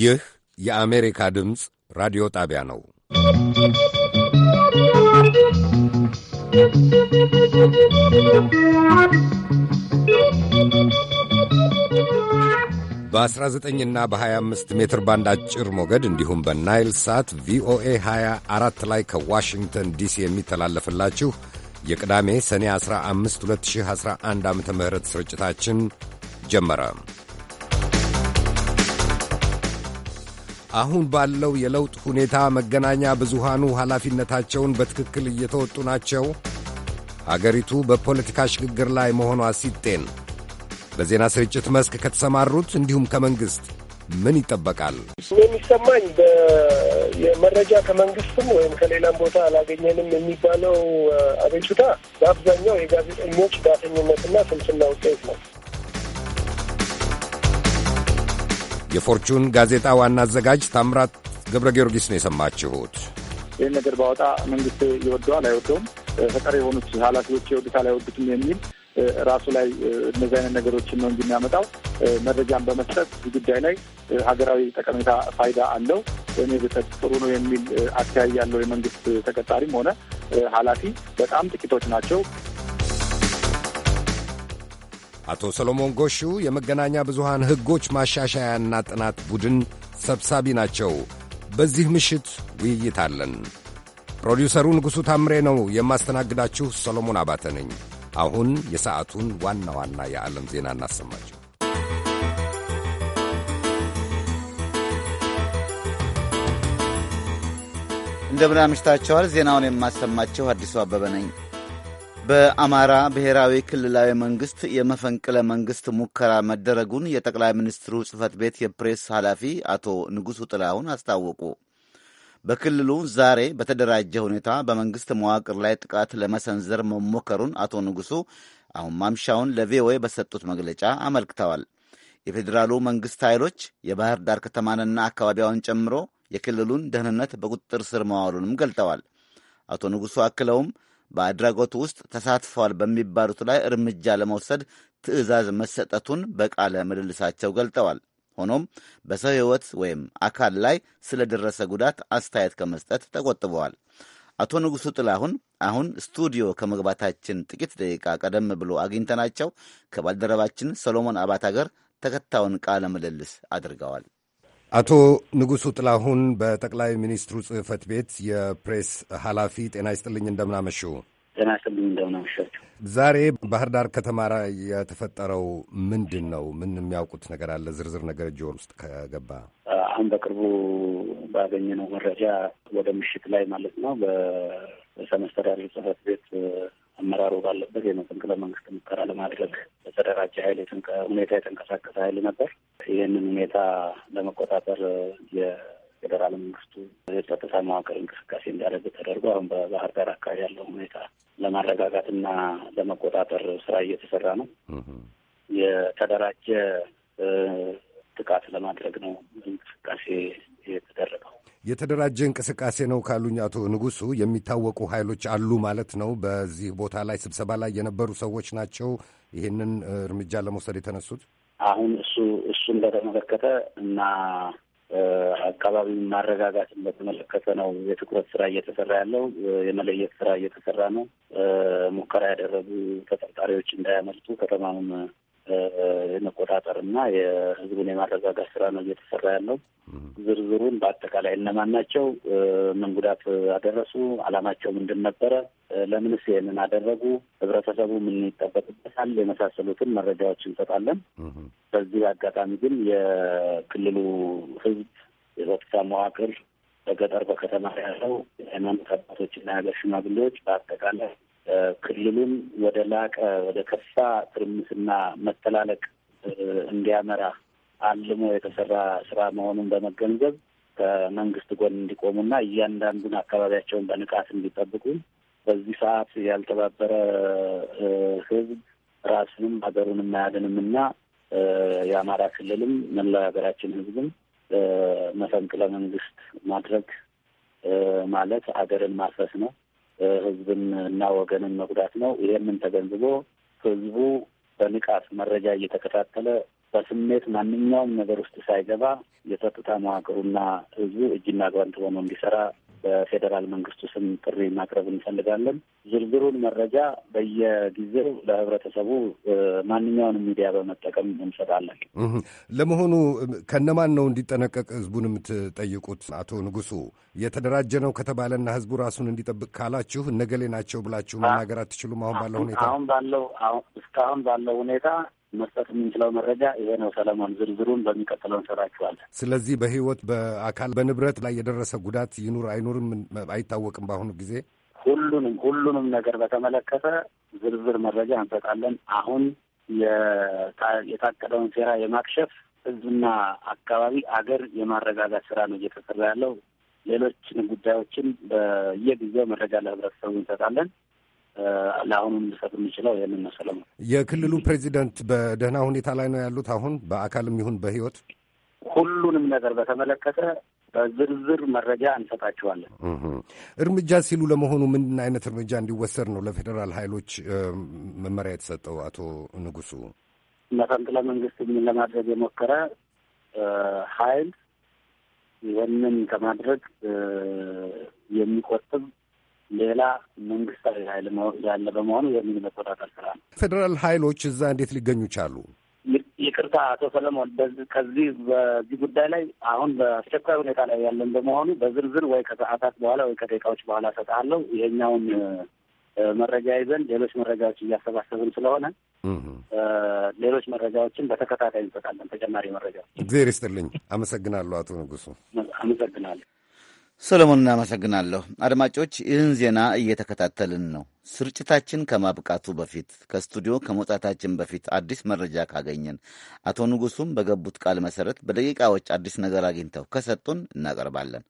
ይህ የአሜሪካ ድምፅ ራዲዮ ጣቢያ ነው። በ19 ና በ25 ሜትር ባንድ አጭር ሞገድ እንዲሁም በናይል ሳት ቪኦኤ 24 ላይ ከዋሽንግተን ዲሲ የሚተላለፍላችሁ የቅዳሜ ሰኔ 15 2011 ዓ ም ስርጭታችን ጀመረ። አሁን ባለው የለውጥ ሁኔታ መገናኛ ብዙሃኑ ኃላፊነታቸውን በትክክል እየተወጡ ናቸው? አገሪቱ በፖለቲካ ሽግግር ላይ መሆኗ ሲጤን በዜና ስርጭት መስክ ከተሰማሩት እንዲሁም ከመንግሥት ምን ይጠበቃል? የሚሰማኝ የመረጃ ከመንግስትም ወይም ከሌላም ቦታ አላገኘንም የሚባለው አቤቱታ በአብዛኛው የጋዜጠኞች ዳተኝነትና ስልስና ውጤት ነው። የፎርቹን ጋዜጣ ዋና አዘጋጅ ታምራት ገብረ ጊዮርጊስ ነው የሰማችሁት። ይህን ነገር ባወጣ መንግስት ይወደዋል አይወደውም፣ ፈጠሪ የሆኑት ኃላፊዎች ይወዱታል አይወዱትም የሚል ራሱ ላይ እነዚህ አይነት ነገሮችን ነው እንጂ የሚያመጣው መረጃን በመስጠት ጉዳይ ላይ ሀገራዊ ጠቀሜታ ፋይዳ አለው እኔ ብሰት ጥሩ ነው የሚል አተያይ ያለው የመንግስት ተቀጣሪም ሆነ ኃላፊ በጣም ጥቂቶች ናቸው። አቶ ሰሎሞን ጎሹ የመገናኛ ብዙሃን ሕጎች ማሻሻያና ጥናት ቡድን ሰብሳቢ ናቸው። በዚህ ምሽት ውይይት አለን። ፕሮዲውሰሩ ንጉሡ ታምሬ ነው የማስተናግዳችሁ። ሰሎሞን አባተ ነኝ። አሁን የሰዓቱን ዋና ዋና የዓለም ዜና እናሰማቸው። እንደምን አምሽታችኋል። ዜናውን የማሰማችሁ አዲሱ አበበ ነኝ። በአማራ ብሔራዊ ክልላዊ መንግሥት የመፈንቅለ መንግሥት ሙከራ መደረጉን የጠቅላይ ሚኒስትሩ ጽህፈት ቤት የፕሬስ ኃላፊ አቶ ንጉሡ ጥላሁን አስታወቁ። በክልሉ ዛሬ በተደራጀ ሁኔታ በመንግስት መዋቅር ላይ ጥቃት ለመሰንዘር መሞከሩን አቶ ንጉሱ አሁን ማምሻውን ለቪኦኤ በሰጡት መግለጫ አመልክተዋል። የፌዴራሉ መንግስት ኃይሎች የባህር ዳር ከተማንና አካባቢያውን ጨምሮ የክልሉን ደህንነት በቁጥጥር ስር መዋሉንም ገልጠዋል። አቶ ንጉሱ አክለውም በአድራጎቱ ውስጥ ተሳትፈዋል በሚባሉት ላይ እርምጃ ለመውሰድ ትዕዛዝ መሰጠቱን በቃለ ምልልሳቸው ገልጠዋል። ሆኖም በሰው ሕይወት ወይም አካል ላይ ስለደረሰ ጉዳት አስተያየት ከመስጠት ተቆጥበዋል። አቶ ንጉሡ ጥላሁን አሁን ስቱዲዮ ከመግባታችን ጥቂት ደቂቃ ቀደም ብሎ አግኝተናቸው ከባልደረባችን ሰሎሞን አባት አገር ተከታዩን ቃለ ምልልስ አድርገዋል። አቶ ንጉሡ ጥላሁን በጠቅላይ ሚኒስትሩ ጽህፈት ቤት የፕሬስ ኃላፊ ጤና ይስጥልኝ፣ እንደምናመሹ። ጤና ይስጥልኝ፣ እንደምናመሻችሁ። ዛሬ ባህር ዳር ከተማ የተፈጠረው ምንድን ነው? ምን የሚያውቁት ነገር አለ? ዝርዝር ነገር ጆር ውስጥ ከገባ አሁን በቅርቡ ባገኘነው መረጃ ወደ ምሽት ላይ ማለት ነው በርዕሰ ጽህፈት ቤት አመራሩ ባለበት የመፈንቅለ መንግስት ሙከራ ለማድረግ በተደራጀ ኃይል ሁኔታ የተንቀሳቀሰ ኃይል ነበር። ይህንን ሁኔታ ለመቆጣጠር ፌዴራል መንግስቱ የጸጥታ መዋቅር እንቅስቃሴ እንዲያደርግ ተደርጎ አሁን በባህር ዳር አካባቢ ያለው ሁኔታ ለማረጋጋትና ለመቆጣጠር ስራ እየተሰራ ነው። የተደራጀ ጥቃት ለማድረግ ነው እንቅስቃሴ የተደረገው። የተደራጀ እንቅስቃሴ ነው ካሉኝ አቶ ንጉሱ የሚታወቁ ኃይሎች አሉ ማለት ነው። በዚህ ቦታ ላይ ስብሰባ ላይ የነበሩ ሰዎች ናቸው ይህንን እርምጃ ለመውሰድ የተነሱት። አሁን እሱ እሱን በተመለከተ እና አካባቢ ማረጋጋትን በተመለከተ ነው የትኩረት ስራ እየተሰራ ያለው። የመለየት ስራ እየተሰራ ነው። ሙከራ ያደረጉ ተጠርጣሪዎች እንዳያመልጡ ከተማውን የመቆጣጠር እና የህዝቡን የማረጋጋት ስራ ነው እየተሰራ ያለው። ዝርዝሩን በአጠቃላይ እነማን ናቸው፣ ምን ጉዳት አደረሱ፣ አላማቸው ምንድን ነበረ፣ ለምንስ ይህንን አደረጉ፣ ህብረተሰቡ ምን ይጠበቅበታል፣ የመሳሰሉትን መረጃዎች እንሰጣለን። በዚህ አጋጣሚ ግን የክልሉ ህዝብ የጸጥታ መዋቅር በገጠር በከተማ ያለው የሃይማኖት አባቶችና የሀገር ሽማግሌዎች በአጠቃላይ ክልሉን ወደ ላቀ ወደ ከፋ ትርምስና መተላለቅ እንዲያመራ አልሞ የተሰራ ስራ መሆኑን በመገንዘብ ከመንግስት ጎን እንዲቆሙና እያንዳንዱን አካባቢያቸውን በንቃት እንዲጠብቁ በዚህ ሰዓት ያልተባበረ ህዝብ ራሱንም ሀገሩንም አያድንም እና የአማራ ክልልም መላው ሀገራችን ህዝብም መፈንቅለ መንግስት ማድረግ ማለት ሀገርን ማፍረስ ነው። ህዝብን እና ወገንን መጉዳት ነው። ይሄንን ተገንዝቦ ህዝቡ በንቃት መረጃ እየተከታተለ በስሜት ማንኛውም ነገር ውስጥ ሳይገባ የጸጥታ መዋቅሩና ህዝቡ እጅና ጓንት ሆኖ እንዲሰራ በፌዴራል መንግስቱ ስም ጥሪ ማቅረብ እንፈልጋለን። ዝርዝሩን መረጃ በየጊዜው ለህብረተሰቡ ማንኛውንም ሚዲያ በመጠቀም እንሰጣለን። ለመሆኑ ከነማን ነው እንዲጠነቀቅ ህዝቡን የምትጠይቁት? አቶ ንጉሱ የተደራጀ ነው ከተባለና ህዝቡ ራሱን እንዲጠብቅ ካላችሁ እነገሌ ናቸው ብላችሁ መናገር አትችሉም? አሁን ባለው ሁኔታ አሁን ባለው እስካሁን ባለው ሁኔታ መስጠት የምንችለው መረጃ ይሄ ነው። ሰለሞን ዝርዝሩን በሚቀጥለው እንሰራችኋለን። ስለዚህ በህይወት በአካል በንብረት ላይ የደረሰ ጉዳት ይኑር አይኑርም አይታወቅም። በአሁኑ ጊዜ ሁሉንም ሁሉንም ነገር በተመለከተ ዝርዝር መረጃ እንሰጣለን። አሁን የታቀደውን ሴራ የማክሸፍ ህዝብና አካባቢ አገር የማረጋጋት ስራ ነው እየተሰራ ያለው። ሌሎችን ጉዳዮችን በየጊዜው መረጃ ለህብረተሰቡ እንሰጣለን። ለአሁኑ ልሰጥ የምንችለው ይህንን ነው። የክልሉ ፕሬዚደንት በደህና ሁኔታ ላይ ነው ያሉት? አሁን በአካልም ይሁን በህይወት? ሁሉንም ነገር በተመለከተ በዝርዝር መረጃ እንሰጣችኋለን። እርምጃ ሲሉ ለመሆኑ ምን አይነት እርምጃ እንዲወሰድ ነው ለፌዴራል ኃይሎች መመሪያ የተሰጠው? አቶ ንጉሱ፣ መፈንቅለ መንግስት ለማድረግ የሞከረ ኃይል ይህንን ከማድረግ የሚቆጥብ ሌላ መንግስታዊ ኃይል ያለ በመሆኑ ይህንን መቆጣጠር ስራ ነው። ፌዴራል ኃይሎች እዛ እንዴት ሊገኙ ቻሉ? ይቅርታ አቶ ሰለሞን፣ ከዚህ በዚህ ጉዳይ ላይ አሁን በአስቸኳይ ሁኔታ ላይ ያለን በመሆኑ በዝርዝር ወይ ከሰዓታት በኋላ ወይ ከደቂቃዎች በኋላ ሰጥሃለሁ። ይሄኛውን መረጃ ይዘን ሌሎች መረጃዎች እያሰባሰብን ስለሆነ ሌሎች መረጃዎችን በተከታታይ እንሰጣለን። ተጨማሪ መረጃ። እግዜር ይስጥልኝ። አመሰግናለሁ አቶ ንጉሱ። አመሰግናለሁ። ሰለሞን፣ እናመሰግናለሁ። አድማጮች፣ ይህን ዜና እየተከታተልን ነው። ስርጭታችን ከማብቃቱ በፊት ከስቱዲዮ ከመውጣታችን በፊት አዲስ መረጃ ካገኘን አቶ ንጉሱም በገቡት ቃል መሰረት በደቂቃዎች አዲስ ነገር አግኝተው ከሰጡን እናቀርባለን።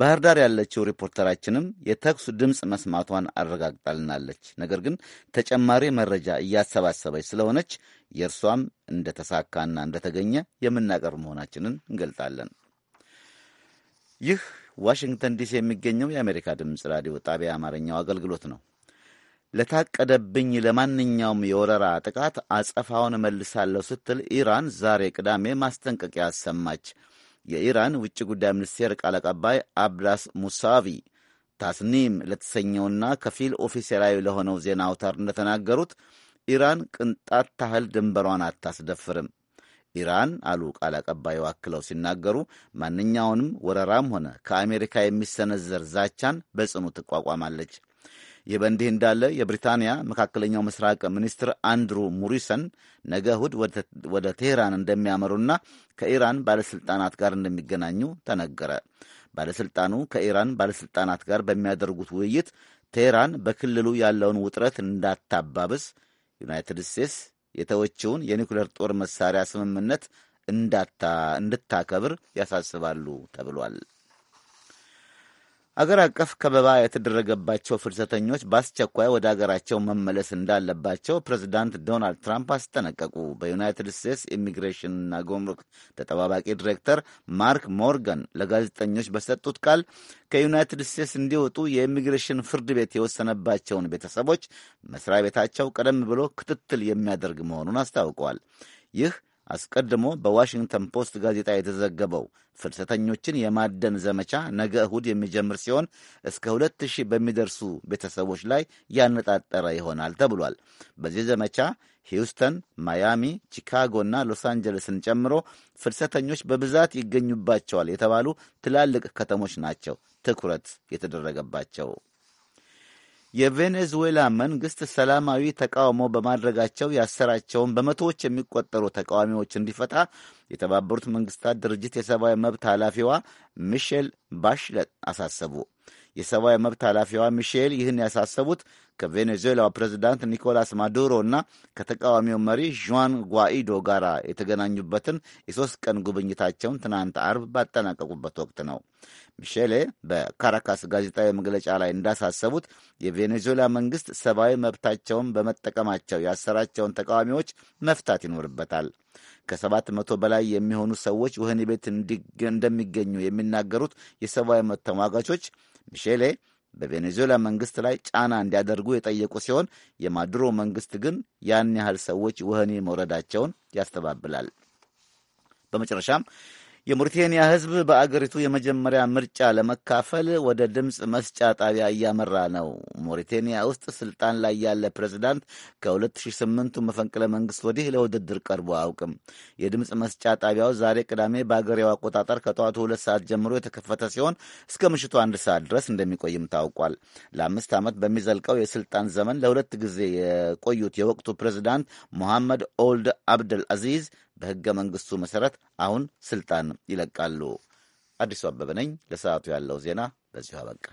ባህር ዳር ያለችው ሪፖርተራችንም የተኩስ ድምፅ መስማቷን አረጋግጣልናለች። ነገር ግን ተጨማሪ መረጃ እያሰባሰበች ስለሆነች የእርሷም እንደተሳካና እንደተገኘ የምናቀርብ መሆናችንን እንገልጣለን። ይህ ዋሽንግተን ዲሲ የሚገኘው የአሜሪካ ድምፅ ራዲዮ ጣቢያ አማርኛው አገልግሎት ነው። ለታቀደብኝ ለማንኛውም የወረራ ጥቃት አጸፋውን እመልሳለሁ ስትል ኢራን ዛሬ ቅዳሜ ማስጠንቀቂያ አሰማች። የኢራን ውጭ ጉዳይ ሚኒስቴር ቃል አቀባይ አብዳስ ሙሳቪ ታስኒም ለተሰኘውና ከፊል ኦፊሴላዊ ለሆነው ዜና አውታር እንደተናገሩት ኢራን ቅንጣት ታህል ድንበሯን አታስደፍርም ኢራን አሉ ቃል አቀባዩ አክለው ሲናገሩ ማንኛውንም ወረራም ሆነ ከአሜሪካ የሚሰነዘር ዛቻን በጽኑ ትቋቋማለች። ይህ በእንዲህ እንዳለ የብሪታንያ መካከለኛው ምስራቅ ሚኒስትር አንድሩ ሙሪሰን ነገ እሁድ ወደ ቴሄራን እንደሚያመሩና ከኢራን ባለሥልጣናት ጋር እንደሚገናኙ ተነገረ። ባለሥልጣኑ ከኢራን ባለሥልጣናት ጋር በሚያደርጉት ውይይት ቴሄራን በክልሉ ያለውን ውጥረት እንዳታባብስ ዩናይትድ ስቴትስ የተወችውን የኒኩሌር ጦር መሳሪያ ስምምነት እንድታከብር ያሳስባሉ ተብሏል። አገር አቀፍ ከበባ የተደረገባቸው ፍልሰተኞች በአስቸኳይ ወደ አገራቸው መመለስ እንዳለባቸው ፕሬዚዳንት ዶናልድ ትራምፕ አስጠነቀቁ። በዩናይትድ ስቴትስ ኢሚግሬሽንና ጉምሩክ ተጠባባቂ ዲሬክተር ማርክ ሞርጋን ለጋዜጠኞች በሰጡት ቃል ከዩናይትድ ስቴትስ እንዲወጡ የኢሚግሬሽን ፍርድ ቤት የወሰነባቸውን ቤተሰቦች መስሪያ ቤታቸው ቀደም ብሎ ክትትል የሚያደርግ መሆኑን አስታውቀዋል። ይህ አስቀድሞ በዋሽንግተን ፖስት ጋዜጣ የተዘገበው ፍልሰተኞችን የማደን ዘመቻ ነገ እሁድ የሚጀምር ሲሆን እስከ ሁለት ሺህ በሚደርሱ ቤተሰቦች ላይ ያነጣጠረ ይሆናል ተብሏል። በዚህ ዘመቻ ሂውስተን፣ ማያሚ፣ ቺካጎና ሎስ አንጀለስን ጨምሮ ፍልሰተኞች በብዛት ይገኙባቸዋል የተባሉ ትላልቅ ከተሞች ናቸው ትኩረት የተደረገባቸው። የቬኔዙዌላ መንግስት ሰላማዊ ተቃውሞ በማድረጋቸው ያሰራቸውን በመቶዎች የሚቆጠሩ ተቃዋሚዎች እንዲፈታ የተባበሩት መንግስታት ድርጅት የሰብአዊ መብት ኃላፊዋ ሚሼል ባሽለት አሳሰቡ። የሰብአዊ መብት ኃላፊዋ ሚሼል ይህን ያሳሰቡት ከቬኔዙዌላው ፕሬዚዳንት ኒኮላስ ማዱሮ እና ከተቃዋሚው መሪ ዣን ጓኢዶ ጋር የተገናኙበትን የሶስት ቀን ጉብኝታቸውን ትናንት አርብ ባጠናቀቁበት ወቅት ነው። ሚሼሌ በካራካስ ጋዜጣዊ መግለጫ ላይ እንዳሳሰቡት የቬኔዙዌላ መንግስት ሰብአዊ መብታቸውን በመጠቀማቸው ያሰራቸውን ተቃዋሚዎች መፍታት ይኖርበታል። ከሰባት መቶ በላይ የሚሆኑ ሰዎች ወህኒ ቤት እንደሚገኙ የሚናገሩት የሰብአዊ መብት ተሟጋቾች ሚሼሌ በቬኔዙዌላ መንግስት ላይ ጫና እንዲያደርጉ የጠየቁ ሲሆን የማዱሮ መንግስት ግን ያን ያህል ሰዎች ወህኒ መውረዳቸውን ያስተባብላል። በመጨረሻም የሙሪቴንያ ሕዝብ በአገሪቱ የመጀመሪያ ምርጫ ለመካፈል ወደ ድምፅ መስጫ ጣቢያ እያመራ ነው። ሞሪቴንያ ውስጥ ስልጣን ላይ ያለ ፕሬዝዳንት ከ2008ቱ መፈንቅለ መንግስት ወዲህ ለውድድር ቀርቦ አያውቅም። የድምፅ መስጫ ጣቢያው ዛሬ ቅዳሜ በአገሬው አቆጣጠር ከጠዋቱ ሁለት ሰዓት ጀምሮ የተከፈተ ሲሆን እስከ ምሽቱ አንድ ሰዓት ድረስ እንደሚቆይም ታውቋል። ለአምስት ዓመት በሚዘልቀው የስልጣን ዘመን ለሁለት ጊዜ የቆዩት የወቅቱ ፕሬዝዳንት ሞሐመድ ኦልድ አብደል አዚዝ በሕገ መንግሥቱ መሠረት አሁን ስልጣን ይለቃሉ። አዲሱ አበበ ነኝ። ለሰዓቱ ያለው ዜና በዚሁ አበቃ።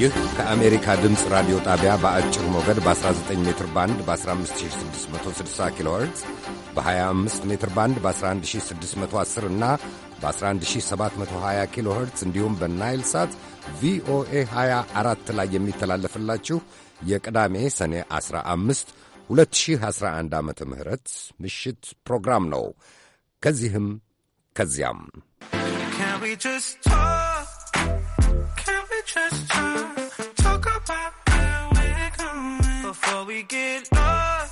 ይህ ከአሜሪካ ድምፅ ራዲዮ ጣቢያ በአጭር ሞገድ በ19 ሜትር ባንድ በ15660 ኪሎ ኸርትዝ በ25 ሜትር ባንድ በ11610 እና በ11720 ኪሎ ኸርትዝ እንዲሁም በናይል ሳት ቪኦኤ 24 ላይ የሚተላለፍላችሁ የቅዳሜ ሰኔ 15 2011 ዓ ም ምሽት ፕሮግራም ነው። ከዚህም ከዚያም Before we get lost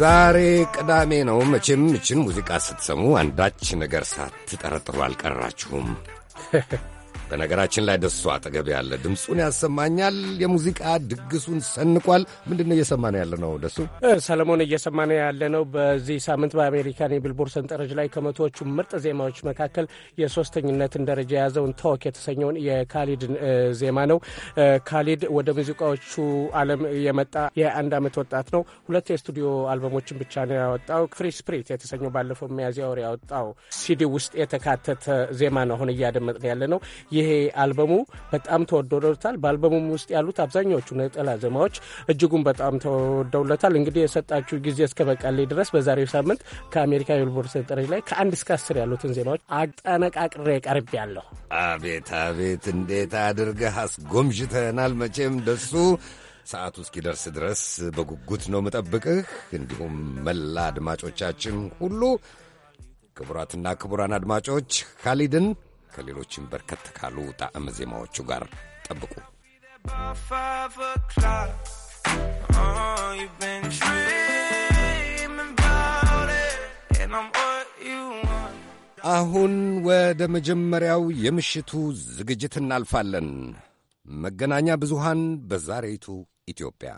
ዛሬ ቅዳሜ ነው። መቼም ይችን ሙዚቃ ስትሰሙ አንዳች ነገር ሳትጠረጥሩ አልቀራችሁም። በነገራችን ላይ ደሱ አጠገብ ያለ ድምፁን ያሰማኛል። የሙዚቃ ድግሱን ሰንቋል። ምንድን ነው እየሰማነው ያለ ነው? ደሱ ሰለሞን፣ እየሰማነው ያለ ነው በዚህ ሳምንት በአሜሪካን የቢልቦርድ ሰንጠረዥ ላይ ከመቶዎቹ ምርጥ ዜማዎች መካከል የሶስተኝነትን ደረጃ የያዘውን ታወክ የተሰኘውን የካሊድ ዜማ ነው። ካሊድ ወደ ሙዚቃዎቹ ዓለም የመጣ የአንድ ዓመት ወጣት ነው። ሁለት የስቱዲዮ አልበሞችን ብቻ ነው ያወጣው። ፍሪ ስፕሪት የተሰኘው ባለፈው ሚያዝያ ወር ያወጣው ሲዲ ውስጥ የተካተተ ዜማ ነው አሁን እያደመጥን ያለ ነው። ይሄ አልበሙ በጣም ተወደዶታል። በአልበሙም ውስጥ ያሉት አብዛኛዎቹ ነጠላ ዜማዎች እጅጉን በጣም ተወደውለታል። እንግዲህ የሰጣችሁ ጊዜ እስከ በቃሌ ድረስ በዛሬው ሳምንት ከአሜሪካ የቢልቦርድ ሰንጠረዥ ላይ ከአንድ እስከ አስር ያሉትን ዜማዎች አጠነቃቅሬ ቀርቤያለሁ። አቤት አቤት፣ እንዴት አድርገህ አስጎምዥተናል። መቼም ደሱ ሰዓቱ እስኪደርስ ድረስ በጉጉት ነው መጠብቅህ። እንዲሁም መላ አድማጮቻችን ሁሉ ክቡራትና ክቡራን አድማጮች ካሊድን ከሌሎችም በርከት ካሉ ጣዕመ ዜማዎቹ ጋር ጠብቁ። አሁን ወደ መጀመሪያው የምሽቱ ዝግጅት እናልፋለን። መገናኛ ብዙሃን በዛሬቱ ኢትዮጵያ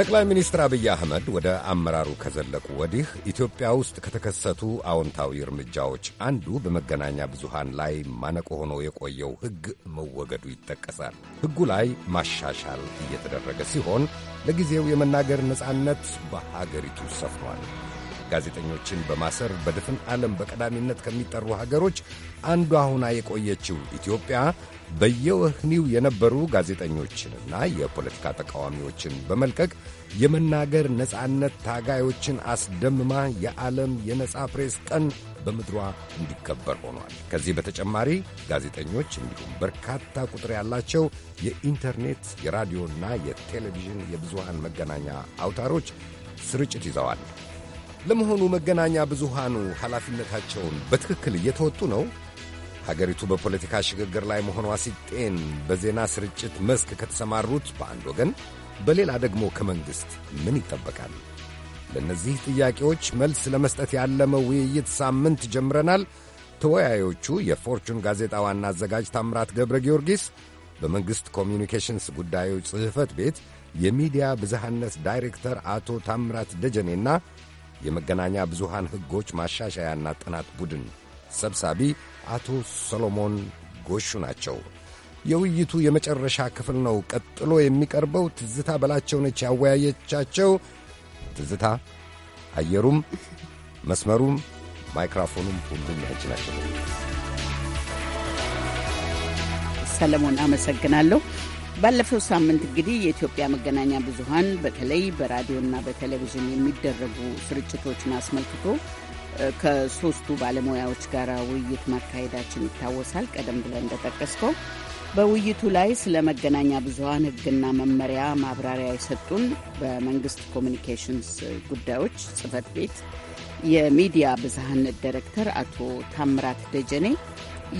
ጠቅላይ ሚኒስትር አብይ አህመድ ወደ አመራሩ ከዘለቁ ወዲህ ኢትዮጵያ ውስጥ ከተከሰቱ አዎንታዊ እርምጃዎች አንዱ በመገናኛ ብዙሃን ላይ ማነቆ ሆኖ የቆየው ሕግ መወገዱ ይጠቀሳል። ሕጉ ላይ ማሻሻል እየተደረገ ሲሆን ለጊዜው የመናገር ነፃነት በሀገሪቱ ሰፍኗል። ጋዜጠኞችን በማሰር በድፍን ዓለም በቀዳሚነት ከሚጠሩ ሀገሮች አንዷ ሆና የቆየችው ኢትዮጵያ በየወህኒው የነበሩ ጋዜጠኞችንና የፖለቲካ ተቃዋሚዎችን በመልቀቅ የመናገር ነፃነት ታጋዮችን አስደምማ የዓለም የነፃ ፕሬስ ቀን በምድሯ እንዲከበር ሆኗል። ከዚህ በተጨማሪ ጋዜጠኞች እንዲሁም በርካታ ቁጥር ያላቸው የኢንተርኔት የራዲዮና የቴሌቪዥን የብዙሃን መገናኛ አውታሮች ስርጭት ይዘዋል። ለመሆኑ መገናኛ ብዙሃኑ ኃላፊነታቸውን በትክክል እየተወጡ ነው? ሀገሪቱ በፖለቲካ ሽግግር ላይ መሆኗ ሲጤን በዜና ስርጭት መስክ ከተሰማሩት በአንድ ወገን፣ በሌላ ደግሞ ከመንግሥት ምን ይጠበቃል? ለእነዚህ ጥያቄዎች መልስ ለመስጠት ያለመ ውይይት ሳምንት ጀምረናል። ተወያዮቹ የፎርቹን ጋዜጣ ዋና አዘጋጅ ታምራት ገብረ ጊዮርጊስ፣ በመንግሥት ኮሚኒኬሽንስ ጉዳዮች ጽሕፈት ቤት የሚዲያ ብዝሃነት ዳይሬክተር አቶ ታምራት ደጀኔና የመገናኛ ብዙሃን ሕጎች ማሻሻያና ጥናት ቡድን ሰብሳቢ አቶ ሰሎሞን ጎሹ ናቸው። የውይይቱ የመጨረሻ ክፍል ነው ቀጥሎ የሚቀርበው። ትዝታ በላቸው ነች ያወያየቻቸው። ትዝታ፣ አየሩም መስመሩም ማይክራፎኑም ሁሉም ያንቺ ናቸው። ሰለሞን፣ አመሰግናለሁ። ባለፈው ሳምንት እንግዲህ የኢትዮጵያ መገናኛ ብዙኃን በተለይ በራዲዮና በቴሌቪዥን የሚደረጉ ስርጭቶችን አስመልክቶ ከሶስቱ ባለሙያዎች ጋር ውይይት ማካሄዳችን ይታወሳል። ቀደም ብለን እንደጠቀስከው በውይይቱ ላይ ስለ መገናኛ ብዙኃን ሕግና መመሪያ ማብራሪያ የሰጡን በመንግስት ኮሚኒኬሽንስ ጉዳዮች ጽህፈት ቤት የሚዲያ ብዝሃነት ዳይሬክተር አቶ ታምራት ደጀኔ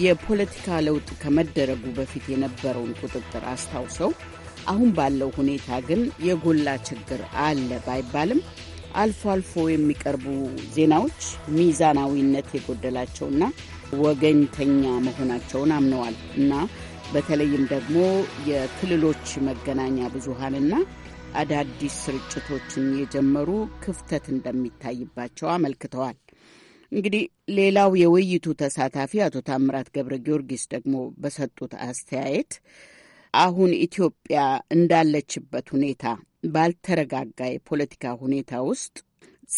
የፖለቲካ ለውጥ ከመደረጉ በፊት የነበረውን ቁጥጥር አስታውሰው አሁን ባለው ሁኔታ ግን የጎላ ችግር አለ ባይባልም አልፎ አልፎ የሚቀርቡ ዜናዎች ሚዛናዊነት የጎደላቸውና ወገኝተኛ መሆናቸውን አምነዋል እና በተለይም ደግሞ የክልሎች መገናኛ ብዙሃንና አዳዲስ ስርጭቶችን የጀመሩ ክፍተት እንደሚታይባቸው አመልክተዋል። እንግዲህ ሌላው የውይይቱ ተሳታፊ አቶ ታምራት ገብረ ጊዮርጊስ ደግሞ በሰጡት አስተያየት አሁን ኢትዮጵያ እንዳለችበት ሁኔታ ባልተረጋጋ የፖለቲካ ሁኔታ ውስጥ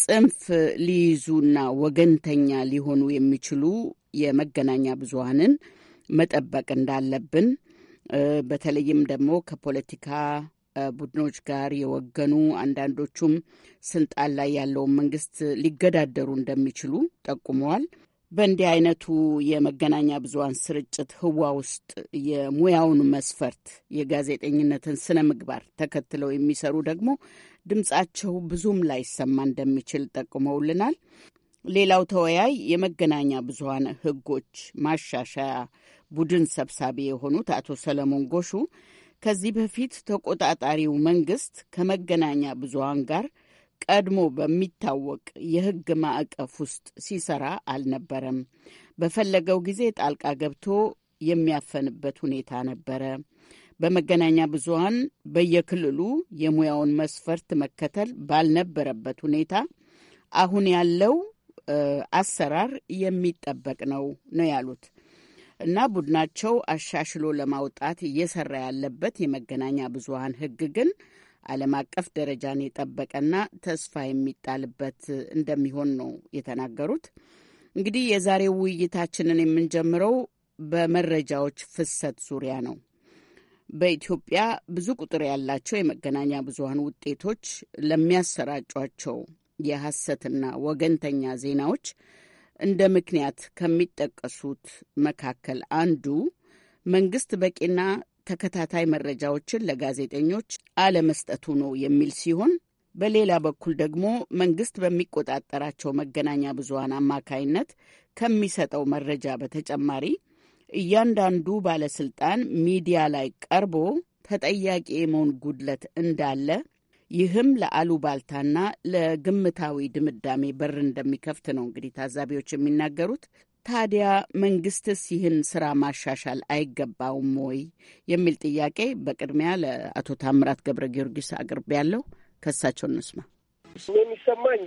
ጽንፍ ሊይዙና ወገንተኛ ሊሆኑ የሚችሉ የመገናኛ ብዙሀንን መጠበቅ እንዳለብን በተለይም ደግሞ ከፖለቲካ ቡድኖች ጋር የወገኑ አንዳንዶቹም ስልጣን ላይ ያለውን መንግስት ሊገዳደሩ እንደሚችሉ ጠቁመዋል። በእንዲህ አይነቱ የመገናኛ ብዙሀን ስርጭት ህዋ ውስጥ የሙያውን መስፈርት የጋዜጠኝነትን ስነ ምግባር ተከትለው የሚሰሩ ደግሞ ድምጻቸው ብዙም ላይሰማ እንደሚችል ጠቁመውልናል። ሌላው ተወያይ የመገናኛ ብዙሀን ህጎች ማሻሻያ ቡድን ሰብሳቢ የሆኑት አቶ ሰለሞን ጎሹ ከዚህ በፊት ተቆጣጣሪው መንግስት ከመገናኛ ብዙሃን ጋር ቀድሞ በሚታወቅ የህግ ማዕቀፍ ውስጥ ሲሰራ አልነበረም። በፈለገው ጊዜ ጣልቃ ገብቶ የሚያፈንበት ሁኔታ ነበረ። በመገናኛ ብዙሃን በየክልሉ የሙያውን መስፈርት መከተል ባልነበረበት ሁኔታ አሁን ያለው አሰራር የሚጠበቅ ነው ነው ያሉት። እና ቡድናቸው አሻሽሎ ለማውጣት እየሰራ ያለበት የመገናኛ ብዙሀን ህግ ግን ዓለም አቀፍ ደረጃን የጠበቀና ተስፋ የሚጣልበት እንደሚሆን ነው የተናገሩት። እንግዲህ የዛሬው ውይይታችንን የምንጀምረው በመረጃዎች ፍሰት ዙሪያ ነው። በኢትዮጵያ ብዙ ቁጥር ያላቸው የመገናኛ ብዙሀን ውጤቶች ለሚያሰራጯቸው የሐሰትና ወገንተኛ ዜናዎች እንደ ምክንያት ከሚጠቀሱት መካከል አንዱ መንግስት በቂና ተከታታይ መረጃዎችን ለጋዜጠኞች አለመስጠቱ ነው የሚል ሲሆን በሌላ በኩል ደግሞ መንግስት በሚቆጣጠራቸው መገናኛ ብዙሀን አማካይነት ከሚሰጠው መረጃ በተጨማሪ እያንዳንዱ ባለስልጣን ሚዲያ ላይ ቀርቦ ተጠያቂ የመሆን ጉድለት እንዳለ ይህም ለአሉባልታና ለግምታዊ ድምዳሜ በር እንደሚከፍት ነው እንግዲህ ታዛቢዎች የሚናገሩት። ታዲያ መንግስትስ ይህን ስራ ማሻሻል አይገባውም ወይ የሚል ጥያቄ በቅድሚያ ለአቶ ታምራት ገብረ ጊዮርጊስ አቅርቤ ያለው ከሳቸው እንስማ። የሚሰማኝ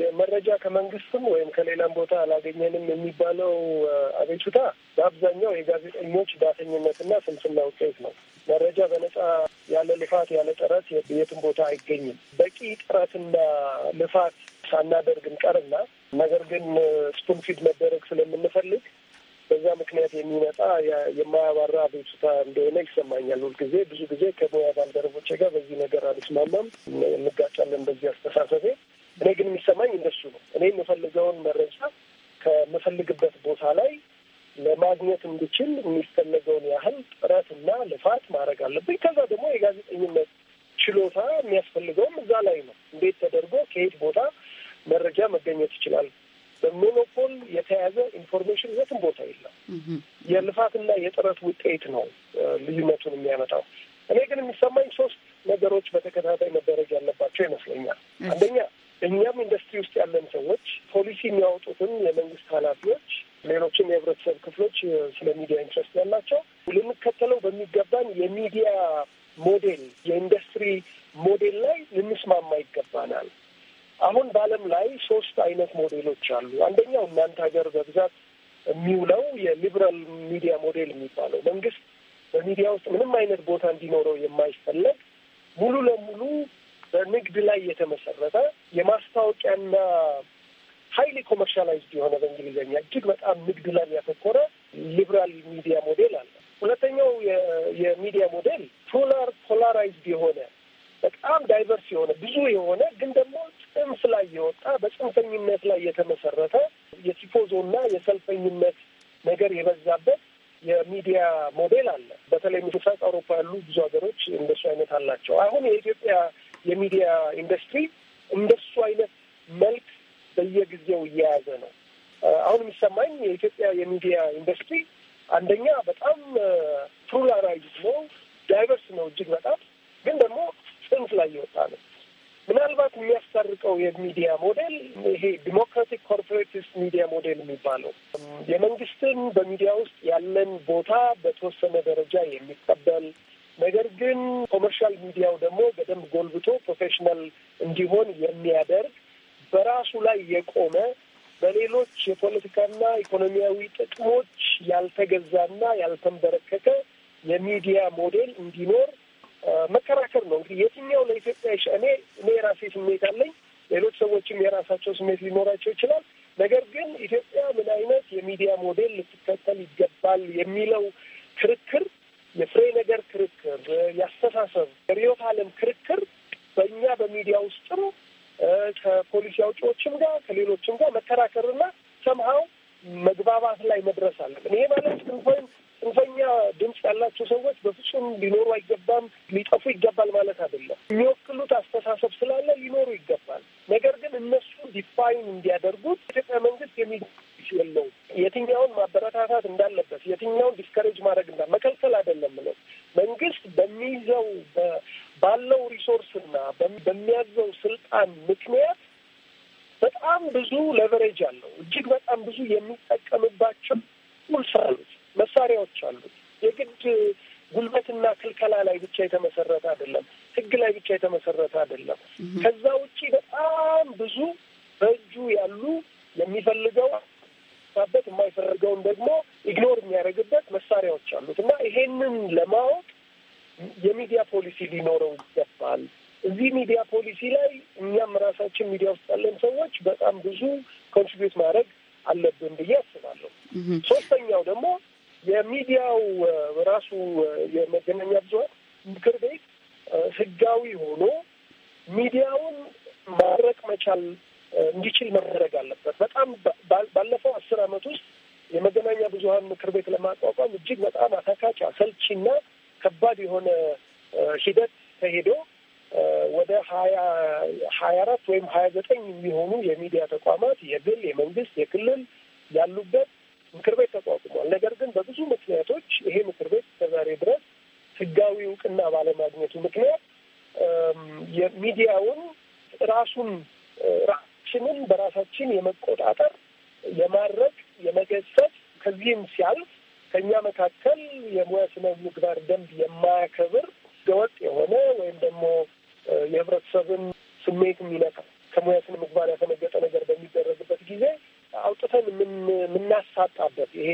የመረጃ ከመንግስትም ወይም ከሌላም ቦታ አላገኘንም የሚባለው አቤቱታ በአብዛኛው የጋዜጠኞች ዳተኝነትና ስንፍና ውጤት ነው። መረጃ በነጻ ያለ ልፋት ያለ ጥረት የትም ቦታ አይገኝም። በቂ ጥረትና ልፋት ሳናደርግን ቀርና ነገር ግን ስፑንፊድ መደረግ ስለምንፈልግ በዛ ምክንያት የሚመጣ የማያባራ አቤቱታ እንደሆነ ይሰማኛል። ሁልጊዜ ብዙ ጊዜ ከሙያ ባልደረቦቼ ጋር በዚህ ነገር አልስማማም፣ እንጋጫለን በዚህ አስተሳሰቤ። እኔ ግን የሚሰማኝ እንደሱ ነው። እኔ የምፈልገውን መረጃ ከምፈልግበት ቦታ ላይ ለማግኘት እንድችል የሚፈለገውን ያህል ልፋት ማድረግ አለብኝ። ከዛ ደግሞ የጋዜጠኝነት ችሎታ የሚያስፈልገውም እዛ ላይ ነው። እንዴት ተደርጎ ከየት ቦታ መረጃ መገኘት ይችላል? በሞኖፖል የተያዘ ኢንፎርሜሽን የትም ቦታ የለም። የልፋትና የጥረት ውጤት ነው ልዩነቱን የሚያመጣው። እኔ ግን የሚሰማኝ ሶስት ነገሮች በተከታታይ አሉ። አንደኛው እናንተ ሀገር በብዛት የሚባለው የመንግስትን በሚዲያ ውስጥ ያለን ቦታ በተወሰነ ደረጃ የሚቀበል ነገር ግን ኮመርሻል ሚዲያው ደግሞ በደንብ ጎልብቶ ፕሮፌሽናል እንዲሆን የሚያደርግ በራሱ ላይ የቆመ በሌሎች የፖለቲካና ኢኮኖሚያዊ ጥቅሞች ያልተገዛና ያልተንበረከከ የሚዲያ ሞዴል እንዲኖር መከራከር ነው። እንግዲህ የትኛው ለኢትዮጵያ እኔ እኔ የራሴ ስሜት አለኝ። ሌሎች ሰዎችም የራሳቸው ስሜት ሊኖራቸው ይችላል። ነገር ግን ኢትዮጵያ ምን አይነት የሚዲያ ሞዴል ልትከተል ይገባል የሚለው ክርክር፣ የፍሬ ነገር ክርክር፣ ያስተሳሰብ የሪዮት ዓለም ክርክር በእኛ በሚዲያ ውስጥም ከፖሊሲ አውጪዎችም ጋር ከሌሎችም ጋር መከራከርና ሰምሀው መግባባት ላይ መድረስ አለብን። ይሄ ማለት ኢንፎይም ጽንፈኛ ድምፅ ያላቸው ሰዎች በፍጹም ሊኖሩ አይገባም፣ ሊጠፉ ይገባል ማለት አይደለም። የሚወክሉት አስተሳሰብ ስላለ ሊኖሩ ይገባል። ነገር ግን እነሱ ዲፋይን እንዲያደርጉት ኢትዮጵያ መንግስት የሚ የለው የትኛውን ማበረታታት እንዳለበት፣ የትኛውን ዲስከሬጅ ማድረግ እንዳ መከልከል አይደለም ነው መንግስት በሚይዘው ባለው ሪሶርስና በሚያዘው ስልጣን ምክንያት በጣም ብዙ ሌቨሬጅ አለው። እጅግ በጣም ብዙ የሚጠቀምባቸው ቁልፍ አሉት። መሳሪያዎች አሉት። የግድ ጉልበትና ክልከላ ላይ ብቻ የተመሰረተ አይደለም። ህግ ላይ ብቻ የተመሰረተ አይደለም። ከዛ ውጪ በጣም ብዙ በእጁ ያሉ የሚፈልገው ባበት የማይፈልገውን ደግሞ ኢግኖር የሚያደርግበት መሳሪያዎች አሉት እና ይሄንን ለማወቅ የሚዲያ ፖሊሲ ሊኖረው ይገባል። እዚህ ሚዲያ ፖሊሲ ላይ እኛም ራሳችን ሚዲያ ውስጥ ያለን ሰዎች በጣም ብዙ ኮንትሪቢዩት ማድረግ አለብን ብዬ አስባለሁ። ሶስተኛው ደግሞ የሚዲያው ራሱ የመገናኛ ብዙሀን ምክር ቤት ህጋዊ ሆኖ ሚዲያውን ማድረግ መቻል እንዲችል መደረግ አለበት። በጣም ባለፈው አስር ዓመት ውስጥ የመገናኛ ብዙሀን ምክር ቤት ለማቋቋም እጅግ በጣም አታካች፣ አሰልቺና ከባድ የሆነ ሂደት ተሄዶ ወደ ሀያ ሀያ አራት ወይም ሀያ ዘጠኝ የሚሆኑ የሚዲያ ተቋማት የግል፣ የመንግስት፣ የክልል ያሉበት ምክር ቤት ተቋቁሟል። ነገር ግን በብዙ ምክንያቶች ይሄ ምክር ቤት እስከዛሬ ድረስ ህጋዊ እውቅና ባለማግኘቱ ምክንያት የሚዲያውን ራሱን ራችንን በራሳችን የመቆጣጠር የማድረግ የመገሰጽ ከዚህም ሲያልፍ ከእኛ መካከል የሙያ ስነ ምግባር ደንብ የማያከብር ህገወጥ የሆነ ወይም ደግሞ የህብረተሰብን ስሜት የሚነካ ከሙያ ስነ ምግባር ያፈነገጠ ነገር በሚደረግበት ጊዜ አውጥተን የምናሳጣበት ይሄ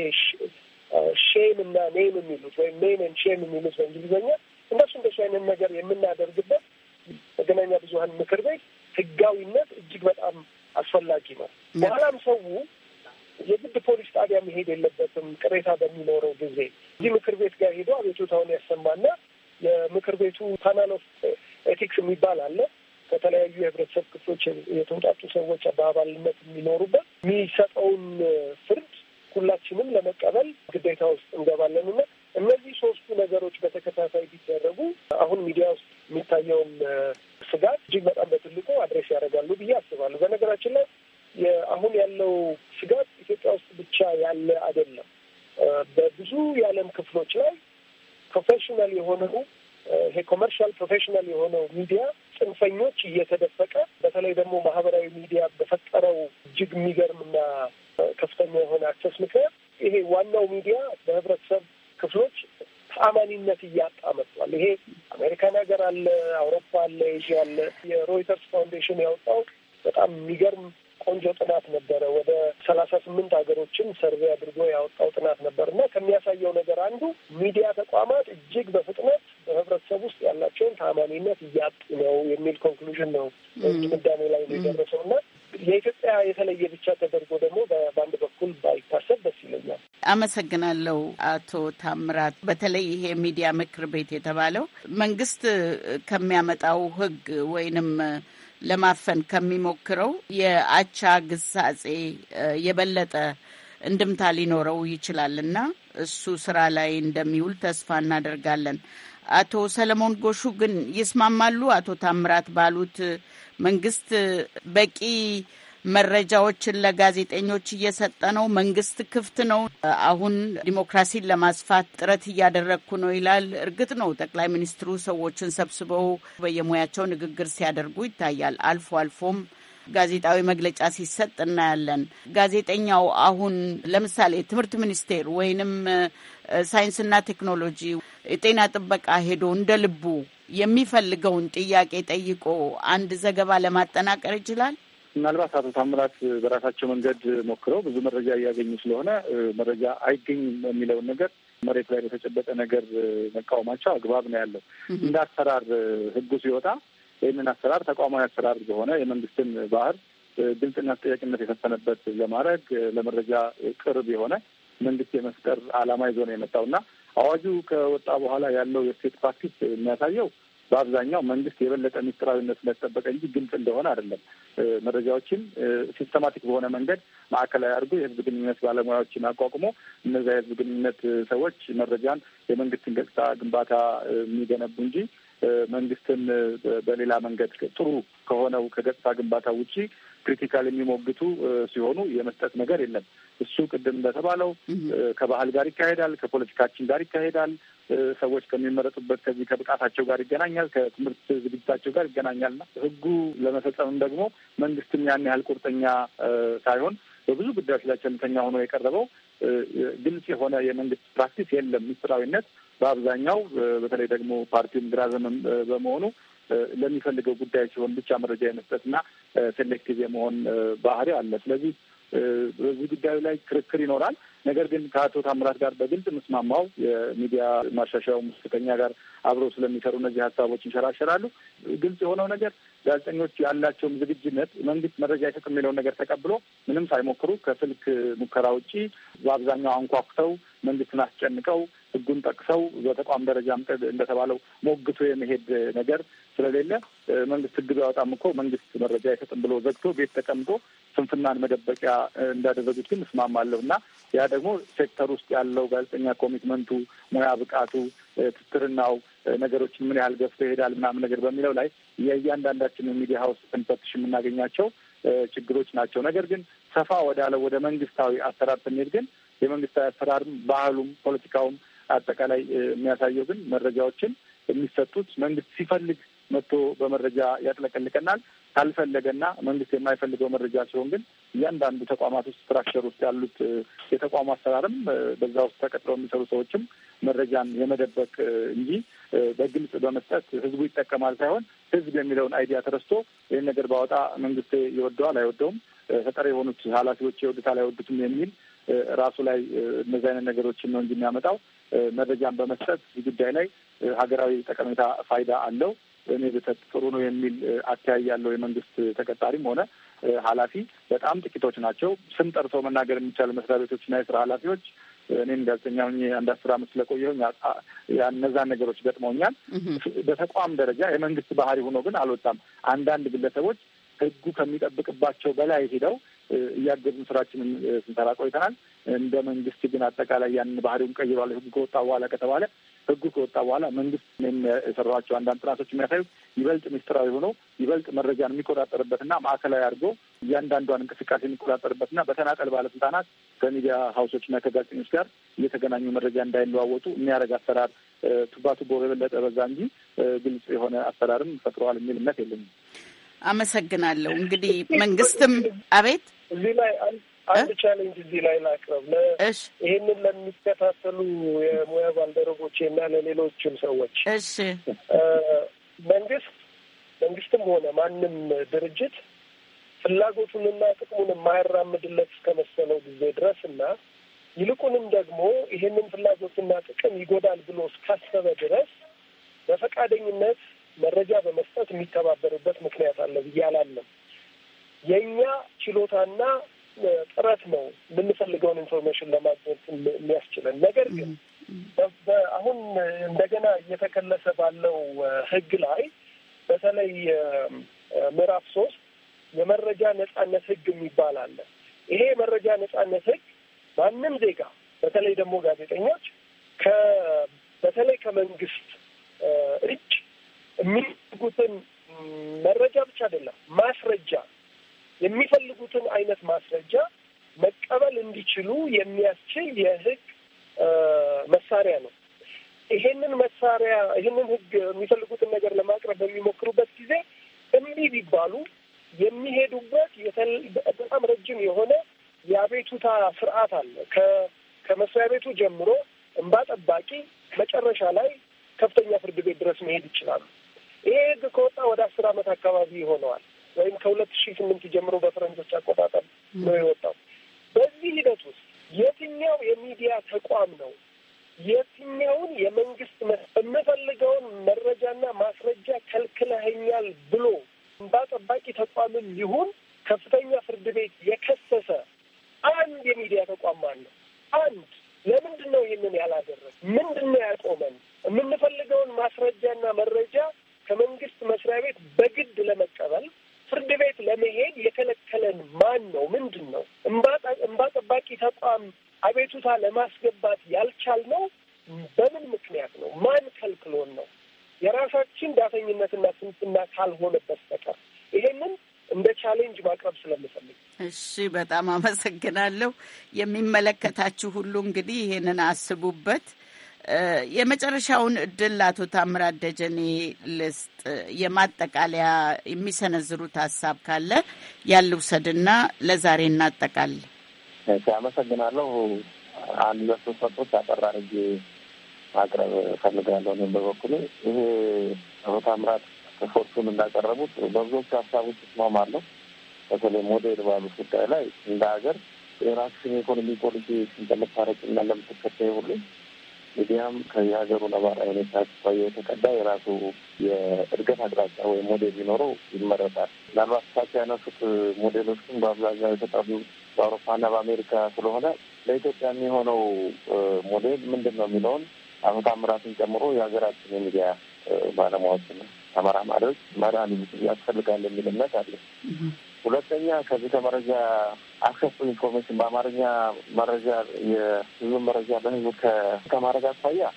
ሼም እና ኔም የሚሉት ወይም ን ሼም የሚሉት በእንግሊዝኛ እንደሱ እንደሱ አይነት ነገር የምናደርግበት መገናኛ ብዙኃን ምክር ቤት ህጋዊነት እጅግ በጣም አስፈላጊ ነው። በኋላም ሰው የግድ ፖሊስ ጣቢያ መሄድ የለበትም። ቅሬታ በሚኖረው ጊዜ እዚህ ምክር ቤት ጋር ሄዶ አቤቱታውን ያሰማና የምክር ቤቱ ፓናል ኦፍ ኤቲክስ የሚባል አለ። ከተለያዩ የህብረተሰብ ክፍሎች የተውጣጡ ሰዎች በአባልነት የሚኖሩበት የሚሰጠውን ፍርድ ሁላችንም ለመቀበል ግዴታ ውስጥ እንገባለን እና እነዚህ ሶስቱ ነገሮች በተከታታይ ቢደረጉ አሁን ሚዲያ ውስጥ የሚታየውን ስጋት እጅግ በጣም በትልቁ አድሬስ ያደርጋሉ ብዬ አስባለሁ። በነገራችን ላይ አሁን ያለው ስጋት ኢትዮጵያ ውስጥ ብቻ ያለ አይደለም። በብዙ የዓለም ክፍሎች ላይ ፕሮፌሽናል የሆነው ይሄ ኮመርሻል ፕሮፌሽናል የሆነው ሚዲያ ጽንፈኞች እየተደፈቀ በተለይ ደግሞ ማህበራዊ ሚዲያ በፈጠረው እጅግ የሚገርምና ከፍተኛ የሆነ አክሰስ ምክንያት ይሄ ዋናው ሚዲያ በህብረተሰብ ክፍሎች ተአማኒነት እያጣ መጥቷል። ይሄ አሜሪካን ሀገር አለ፣ አውሮፓ አለ፣ ኤዥያ አለ። የሮይተርስ ፋውንዴሽን ያወጣው በጣም የሚገርም ቆንጆ ጥናት ነበረ። ወደ ሰላሳ ስምንት ሀገሮችን ሰርቬ አድርጎ ያወጣው ጥናት ነበር እና ከሚያሳየው ነገር አንዱ ሚዲያ ተቋማት እጅግ በፍጥነት በህብረተሰብ ውስጥ ያላቸውን ታማኒነት እያጡ ነው የሚል ኮንክሉዥን ነው ድምዳሜ ላይ ነው የደረሰው እና የኢትዮጵያ የተለየ ብቻ ተደርጎ ደግሞ በአንድ በኩል ባይታሰብ ደስ ይለኛል። አመሰግናለሁ አቶ ታምራት። በተለይ ይሄ ሚዲያ ምክር ቤት የተባለው መንግስት ከሚያመጣው ህግ ወይንም ለማፈን ከሚሞክረው የአቻ ግሳጼ የበለጠ እንድምታ ሊኖረው ይችላል እና እሱ ስራ ላይ እንደሚውል ተስፋ እናደርጋለን። አቶ ሰለሞን ጎሹ ግን ይስማማሉ? አቶ ታምራት ባሉት መንግስት በቂ መረጃዎችን ለጋዜጠኞች እየሰጠ ነው። መንግስት ክፍት ነው። አሁን ዲሞክራሲን ለማስፋት ጥረት እያደረግኩ ነው ይላል። እርግጥ ነው ጠቅላይ ሚኒስትሩ ሰዎችን ሰብስበው በየሙያቸው ንግግር ሲያደርጉ ይታያል። አልፎ አልፎም ጋዜጣዊ መግለጫ ሲሰጥ እናያለን። ጋዜጠኛው አሁን ለምሳሌ ትምህርት ሚኒስቴር ወይንም ሳይንስና ቴክኖሎጂ፣ የጤና ጥበቃ ሄዶ እንደ ልቡ የሚፈልገውን ጥያቄ ጠይቆ አንድ ዘገባ ለማጠናቀር ይችላል። ምናልባት አቶ ታምራት በራሳቸው መንገድ ሞክረው ብዙ መረጃ እያገኙ ስለሆነ መረጃ አይገኝም የሚለውን ነገር መሬት ላይ በተጨበጠ ነገር መቃወማቸው አግባብ ነው ያለው። እንደ አሰራር ህጉ ሲወጣ ይህንን አሰራር ተቋማዊ አሰራር በሆነ የመንግስትን ባህር ግልጽና ተጠያቂነት የሰፈነበት ለማድረግ ለመረጃ ቅርብ የሆነ መንግስት የመፍጠር አላማ ይዞ ነው የመጣው እና አዋጁ ከወጣ በኋላ ያለው የስቴት ፕራክቲስ የሚያሳየው በአብዛኛው መንግስት የበለጠ ሚስጥራዊነት ስለተጠበቀ እንጂ ግልጽ እንደሆነ አይደለም። መረጃዎችን ሲስተማቲክ በሆነ መንገድ ማዕከላዊ አድርጎ የህዝብ ግንኙነት ባለሙያዎችን አቋቁሞ እነዚያ የህዝብ ግንኙነት ሰዎች መረጃን የመንግስትን ገጽታ ግንባታ የሚገነቡ እንጂ መንግስትን በሌላ መንገድ ጥሩ ከሆነው ከገጽታ ግንባታ ውጪ ክሪቲካል የሚሞግቱ ሲሆኑ የመስጠት ነገር የለም። እሱ ቅድም እንደተባለው ከባህል ጋር ይካሄዳል፣ ከፖለቲካችን ጋር ይካሄዳል። ሰዎች ከሚመረጡበት ከዚህ ከብቃታቸው ጋር ይገናኛል፣ ከትምህርት ዝግጅታቸው ጋር ይገናኛልና ህጉ ለመፈጸምም ደግሞ መንግስትም ያን ያህል ቁርጠኛ ሳይሆን በብዙ ጉዳዮች ላይ ቸልተኛ ሆኖ የቀረበው ግልጽ የሆነ የመንግስት ፕራክቲስ የለም። ምስጢራዊነት በአብዛኛው በተለይ ደግሞ ፓርቲውም ግራ ዘመም በመሆኑ ለሚፈልገው ጉዳይ ሲሆን ብቻ መረጃ የመስጠትና ሴሌክቲቭ የመሆን ባህሪ አለ። ስለዚህ በዚህ ጉዳዩ ላይ ክርክር ይኖራል። ነገር ግን ከአቶ ታምራት ጋር በግልጽ ምስማማው የሚዲያ ማሻሻያው ከኛ ጋር አብረው ስለሚሰሩ እነዚህ ሀሳቦች ይንሸራሸራሉ። ግልጽ የሆነው ነገር ጋዜጠኞች ያላቸውም ዝግጅነት መንግስት መረጃ ይሰጥ የሚለውን ነገር ተቀብሎ ምንም ሳይሞክሩ ከስልክ ሙከራ ውጪ በአብዛኛው አንኳኩተው መንግስትን አስጨንቀው ህጉን ጠቅሰው በተቋም ደረጃም እንደተባለው ሞግቶ የመሄድ ነገር ስለሌለ መንግስት ህግ ቢያወጣም እኮ መንግስት መረጃ አይሰጥም ብሎ ዘግቶ ቤት ተቀምጦ ስንፍናን መደበቂያ እንዳደረጉት ግን እስማማለሁ እና ያ ደግሞ ሴክተር ውስጥ ያለው ጋዜጠኛ ኮሚትመንቱ፣ ሙያ ብቃቱ፣ ትትርናው ነገሮችን ምን ያህል ገፍቶ ይሄዳል ምናምን ነገር በሚለው ላይ የእያንዳንዳችን የሚዲያ ሀውስ ስንፈትሽ የምናገኛቸው ችግሮች ናቸው። ነገር ግን ሰፋ ወዳለው ወደ መንግስታዊ አሰራር ስንሄድ ግን የመንግስታዊ አሰራርም ባህሉም ፖለቲካውም አጠቃላይ የሚያሳየው ግን መረጃዎችን የሚሰጡት መንግስት ሲፈልግ መጥቶ በመረጃ ያጥለቀልቀናል። ካልፈለገና መንግስት የማይፈልገው መረጃ ሲሆን ግን እያንዳንዱ ተቋማት ውስጥ ስትራክቸር ውስጥ ያሉት የተቋሙ አሰራርም በዛ ውስጥ ተቀጥረው የሚሰሩ ሰዎችም መረጃን የመደበቅ እንጂ በግልጽ በመስጠት ህዝቡ ይጠቀማል ሳይሆን ህዝብ የሚለውን አይዲያ ተረስቶ ይህን ነገር ባወጣ መንግስቴ ይወደዋል አይወደውም፣ ተጠሪ የሆኑት ኃላፊዎች ይወዱታል አይወዱትም የሚል ራሱ ላይ እነዚህ አይነት ነገሮችን ነው እንጂ የሚያመጣው መረጃን በመስጠት እዚህ ጉዳይ ላይ ሀገራዊ ጠቀሜታ ፋይዳ አለው እኔ ብሰጥ ጥሩ ነው የሚል አተያይ ያለው የመንግስት ተቀጣሪም ሆነ ኃላፊ በጣም ጥቂቶች ናቸው። ስም ጠርቶ መናገር የሚቻል መስሪያ ቤቶችና የስራ ኃላፊዎች እኔም ጋዜጠኛ ሆኜ አንድ አስር አመት ስለቆየሁኝ እነዛን ነገሮች ገጥመውኛል። በተቋም ደረጃ የመንግስት ባህሪ ሆኖ ግን አልወጣም። አንዳንድ ግለሰቦች ህጉ ከሚጠብቅባቸው በላይ ሄደው እያገዙን ስራችንን ስንሰራ ቆይተናል። እንደ መንግስት ግን አጠቃላይ ያንን ባህሪውን ቀይሯል። ህጉ ከወጣ በኋላ ከተባለ ህጉ ከወጣ በኋላ መንግስት የሰሯቸው አንዳንድ ጥናቶች የሚያሳዩ ይበልጥ ምስጢራዊ ሆኖ ይበልጥ መረጃን የሚቆጣጠርበትና ማዕከላዊ አድርጎ እያንዳንዷን እንቅስቃሴ የሚቆጣጠርበትና በተናጠል ባለስልጣናት ከሚዲያ ሀውሶችና ከጋዜጠኞች ጋር እየተገናኙ መረጃ እንዳይለዋወጡ የሚያደርግ አሰራር ቱባቱ ቦ የበለጠ በዛ እንጂ ግልጽ የሆነ አሰራርም ፈጥረዋል የሚል እምነት የለኝም። አመሰግናለሁ። እንግዲህ መንግስትም አቤት እዚህ ላይ አንድ ቻሌንጅ እዚህ ላይ ላቅርብ። ይህንን ለሚከታተሉ የሙያ ባልደረቦች እና ለሌሎችም ሰዎች እሺ፣ መንግስት መንግስትም ሆነ ማንም ድርጅት ፍላጎቱንና ጥቅሙን የማያራምድለት እስከ መሰለው ጊዜ ድረስ እና ይልቁንም ደግሞ ይህንን ፍላጎትና ጥቅም ይጎዳል ብሎ እስካሰበ ድረስ በፈቃደኝነት መረጃ በመስጠት የሚተባበርበት ምክንያት አለ ብዬ አላለም። የእኛ ችሎታና ጥረት ነው የምንፈልገውን ኢንፎርሜሽን ለማግኘት የሚያስችለን። ነገር ግን አሁን እንደገና እየተከለሰ ባለው ህግ ላይ በተለይ ምዕራፍ ሶስት የመረጃ ነጻነት ህግ የሚባል አለ። ይሄ የመረጃ ነጻነት ህግ ማንም ዜጋ በተለይ ደግሞ ጋዜጠኞች በተለይ ከመንግስት እጅ የሚፈልጉትን መረጃ ብቻ አይደለም ማስረጃ የሚፈልጉትን አይነት ማስረጃ መቀበል እንዲችሉ የሚያስችል የህግ መሳሪያ ነው። ይሄንን መሳሪያ ይሄንን ህግ የሚፈልጉትን ነገር ለማቅረብ በሚሞክሩበት ጊዜ እምቢ ቢባሉ የሚሄዱበት በጣም ረጅም የሆነ የአቤቱታ ስርዓት አለ። ከመስሪያ ቤቱ ጀምሮ እንባ ጠባቂ፣ መጨረሻ ላይ ከፍተኛ ፍርድ ቤት ድረስ መሄድ ይችላሉ። ይሄ ህግ ከወጣ ወደ አስር ዓመት አካባቢ ይሆነዋል። ወይም ከሁለት ሺ ስምንት ጀምሮ በፈረንጆች አቆጣጠር ነው የወጣው። በዚህ ሂደት ውስጥ የትኛው የሚዲያ ተቋም ነው የትኛውን የመንግስት የምፈልገውን መረጃና ማስረጃ ከልክለኸኛል ብሎ እንባ ጠባቂ ተቋምም ይሁን ከፍተኛ ፍርድ ቤት የከሰሰ አንድ የሚዲያ ተቋም ማን ነው? አንድ ለምንድን ነው ይህንን ያላደረግ? ምንድን ነው ያቆመን? የምንፈልገውን ማስረጃና መረጃ ከመንግስት መስሪያ ቤት በግድ ለመቀበል ፍርድ ቤት ለመሄድ የከለከለን ማን ነው? ምንድን ነው? እንባ ጠባቂ ተቋም አቤቱታ ለማስገባት ያልቻል ነው? በምን ምክንያት ነው? ማን ከልክሎን ነው? የራሳችን ዳተኝነትና ስንትና ካልሆነ በስተቀር ይሄንን እንደ ቻሌንጅ ማቅረብ ስለምፈልግ። እሺ፣ በጣም አመሰግናለሁ። የሚመለከታችሁ ሁሉ እንግዲህ ይሄንን አስቡበት። የመጨረሻውን እድል አቶ ታምራት ደጀኔ ልስጥ። የማጠቃለያ የሚሰነዝሩት ሀሳብ ካለ ያልውሰድና ለዛሬ እናጠቃል። አመሰግናለሁ። አንድ ለሱ ሰጡት ሰቶች አድርጌ ማቅረብ ፈልጋለሁ። እኔም በበኩሌ ይሄ አቶ ታምራት ሪፖርቱን እንዳቀረቡት በብዙዎቹ ሀሳቦች እስማማለሁ። በተለይ ሞዴል ባሉት ጉዳይ ላይ እንደ ሀገር የራስሽን የኢኮኖሚ ፖሊሲ ስንጠለፋረጭ እና ለምትከተይ ሁሉ ሚዲያም ከየሀገሩ ነባራዊ ሁኔታ ባየ የተቀዳ የራሱ የእድገት አቅጣጫ ወይም ሞዴል ቢኖረው ይመረጣል። ምናልባት እሳቸው ያነሱት ሞዴሎች ግን በአብዛኛው የተጠሩ በአውሮፓና በአሜሪካ ስለሆነ ለኢትዮጵያ የሚሆነው ሞዴል ምንድን ነው የሚለውን አቶ ታምራትን ጨምሮ የሀገራችን የሚዲያ ባለሙያዎችና ተመራማሪዎች መርሃ ያስፈልጋል የሚል እምነት አለ። ሁለተኛ ከዚህ ከመረጃ አክሰስ ኢንፎርሜሽን በአማርኛ መረጃ የህዝብ መረጃ ለህዝብ ከማድረግ አኳያ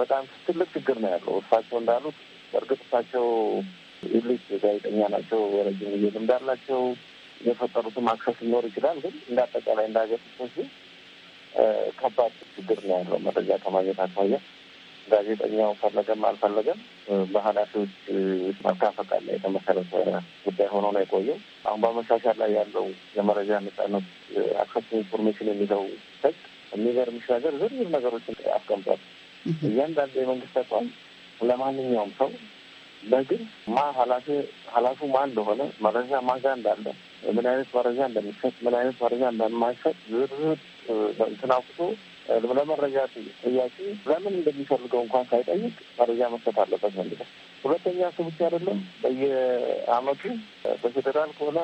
በጣም ትልቅ ችግር ነው ያለው። እሳቸው እንዳሉት እርግጥ እሳቸው ኢሊት ጋዜጠኛ ናቸው፣ የረጅም ጊዜ ልምድ አላቸው። የፈጠሩትም አክሰስ ሊኖር ይችላል። ግን እንደ አጠቃላይ እንደ ሀገር ከባድ ችግር ነው ያለው መረጃ ከማግኘት አኳያ ጋዜጠኛው ፈለገም አልፈለገም በኃላፊዎች መካፈቃል ላይ የተመሰረተ ጉዳይ ሆኖ ነው የቆየው። አሁን በመሻሻል ላይ ያለው የመረጃ ነጻነት አክሰስ ኢንፎርሜሽን የሚለው ህግ የሚገርምሽ ነገር ዝርዝር ነገሮችን አስቀምጧል። እያንዳንዱ የመንግስት ተቋም ለማንኛውም ሰው በግል ማ ኃላፊ ኃላፊው ማን እንደሆነ መረጃ ማጋ እንዳለ ምን አይነት መረጃ እንደሚሰጥ ምን አይነት መረጃ እንደማይሰጥ ዝርዝር እንትን አውጥቶ ለመረጃ ጥያቄ ለምን እንደሚፈልገው እንኳን ሳይጠይቅ መረጃ መስጠት አለበት መልሰን። ሁለተኛ እሱ ብቻ አይደለም። በየአመቱ በፌዴራል ከሆነ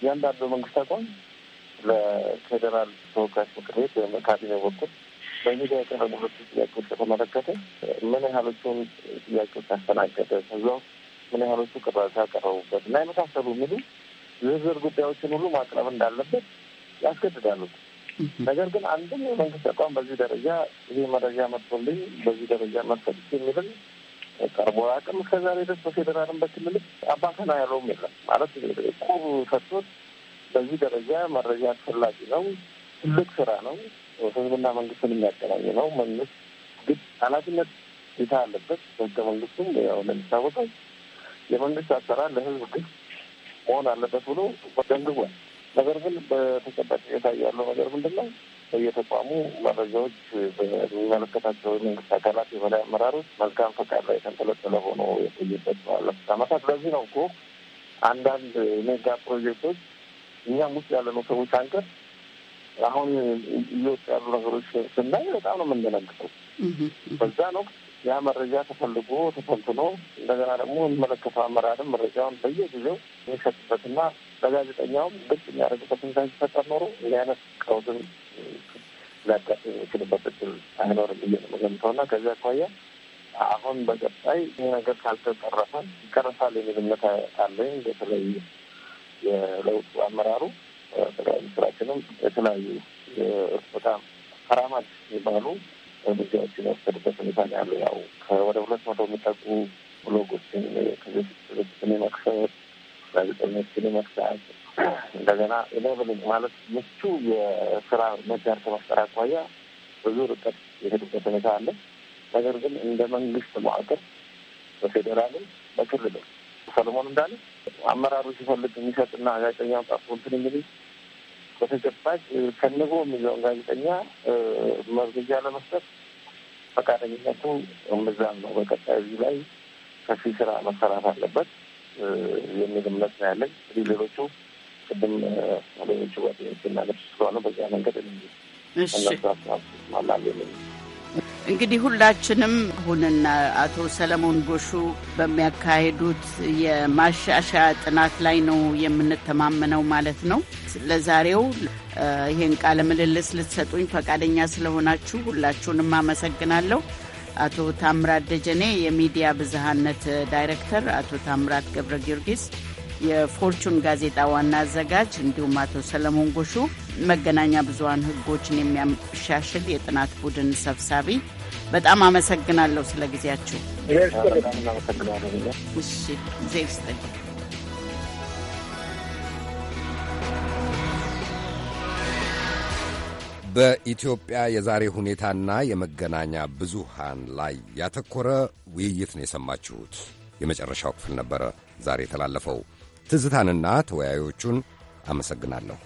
እያንዳንዱ መንግስት አቋም ለፌዴራል ተወካዮች ምክር ቤት ወይም ካቢኔ በኩል በሚዲያ የቀረቡት ጥያቄዎች በተመለከተ ምን ያህሎቹን ጥያቄዎች አስተናገደ፣ እዛው ምን ያህሎቹ ቅሬታ ያቀረቡበት እና የመሳሰሉ የሚሉ ዝርዝር ጉዳዮችን ሁሉ ማቅረብ እንዳለበት ያስገድዳሉ። ነገር ግን አንድም የመንግስት ተቋም በዚህ ደረጃ ይህ መረጃ መጥቶልኝ በዚህ ደረጃ መፈል የሚልም ቀርቦ አቅም እስከዛሬ ድረስ በፌዴራልም በክልልም አባተና ያለውም የለም ማለት ቁብ ፈቶት በዚህ ደረጃ መረጃ አስፈላጊ ነው፣ ትልቅ ስራ ነው፣ ህዝብና መንግስትን የሚያገናኝ ነው። መንግስት ግድ ኃላፊነት ይታ አለበት። በህገ መንግስቱም ያው እንደሚታወቀው የመንግስት አሰራር ለህዝብ ግድ መሆን አለበት ብሎ ደንግቧል። ነገር ግን በተጨባጭ ሁኔታ ያለው ነገር ምንድን ነው? በየተቋሙ መረጃዎች በሚመለከታቸው የመንግስት አካላት የበላይ አመራሮች መልካም ፈቃድ ላይ ተንጠለጠለ ሆኖ የቆየበት ባለፉት አመታት። ለዚህ ነው እኮ አንዳንድ ሜጋ ፕሮጀክቶች እኛም ውስጥ ያለነው ሰዎች አንቀር አሁን እየወጡ ያሉ ነገሮች ስናይ በጣም ነው የምንደነግጠው። በዛን ወቅት ያ መረጃ ተፈልጎ ተፈልትኖ እንደገና ደግሞ የሚመለከተው አመራርም መረጃውን በየጊዜው የሚሰጥበትና በጋዜጠኛውም ግልጽ የሚያደርግበት ሁኔታ ሲፈጠር ኖሮ እንዲህ አይነት ቀውስን ሊያጋጥም የሚችልበት እድል አይኖርም ብዬ ነው የምገምተው እና ከዚያ አኳያ አሁን በቀጣይ ይህ ነገር ካልተቀረፈ ይቀረፋል የሚል እምነት አለኝ። በተለይ የለውጡ አመራሩ ጠቅላይ ሚኒስትራችንም የተለያዩ በጣም ተራማጅ የሚባሉ እርምጃዎችን ያስገድበት ሁኔታ ያለው። ያው ከወደ ሁለት መቶ የሚጠጉ ብሎጎችን ከዚህ በፊት የመክፈት ጋዜጠኞችን መስራት እንደገና ኢነብሊንግ ማለት ምቹ የስራ ምህዳር ከመፍጠር አኳያ ብዙ ርቀት የሄዱበት ሁኔታ አለ። ነገር ግን እንደ መንግስት መዋቅር በፌዴራልም በክልልም ሰለሞን እንዳለ አመራሩ ሲፈልግ የሚሰጥና ጋዜጠኛ ጣፉ እንትን እንግዲህ በተጨባጭ ከንቦ የሚለውን ጋዜጠኛ መርግጃ ለመስጠት ፈቃደኝነቱ እምብዛም ነው። በቀጣይ እዚህ ላይ ሰፊ ስራ መሰራት አለበት። የሚል እምነት ነው ያለኝ። እንግዲህ ሌሎቹ ቅድም ሌሎቹ ጓደኞች ናገር ስለሆነ በዚያ መንገድ ማላለ እንግዲህ ሁላችንም አሁንና አቶ ሰለሞን ጎሹ በሚያካሄዱት የማሻሻያ ጥናት ላይ ነው የምንተማመነው ማለት ነው። ለዛሬው ይህን ቃለ ምልልስ ልትሰጡኝ ፈቃደኛ ስለሆናችሁ ሁላችሁንም አመሰግናለሁ። አቶ ታምራት ደጀኔ የሚዲያ ብዝሃነት ዳይሬክተር፣ አቶ ታምራት ገብረ ጊዮርጊስ የፎርቹን ጋዜጣ ዋና አዘጋጅ፣ እንዲሁም አቶ ሰለሞን ጎሹ መገናኛ ብዙሀን ህጎችን የሚያሻሽል የጥናት ቡድን ሰብሳቢ። በጣም አመሰግናለሁ ስለ ጊዜያችሁ። እሺ ጊዜ በኢትዮጵያ የዛሬ ሁኔታና የመገናኛ ብዙሃን ላይ ያተኮረ ውይይት ነው የሰማችሁት። የመጨረሻው ክፍል ነበረ ዛሬ የተላለፈው። ትዝታንና ተወያዮቹን አመሰግናለሁ።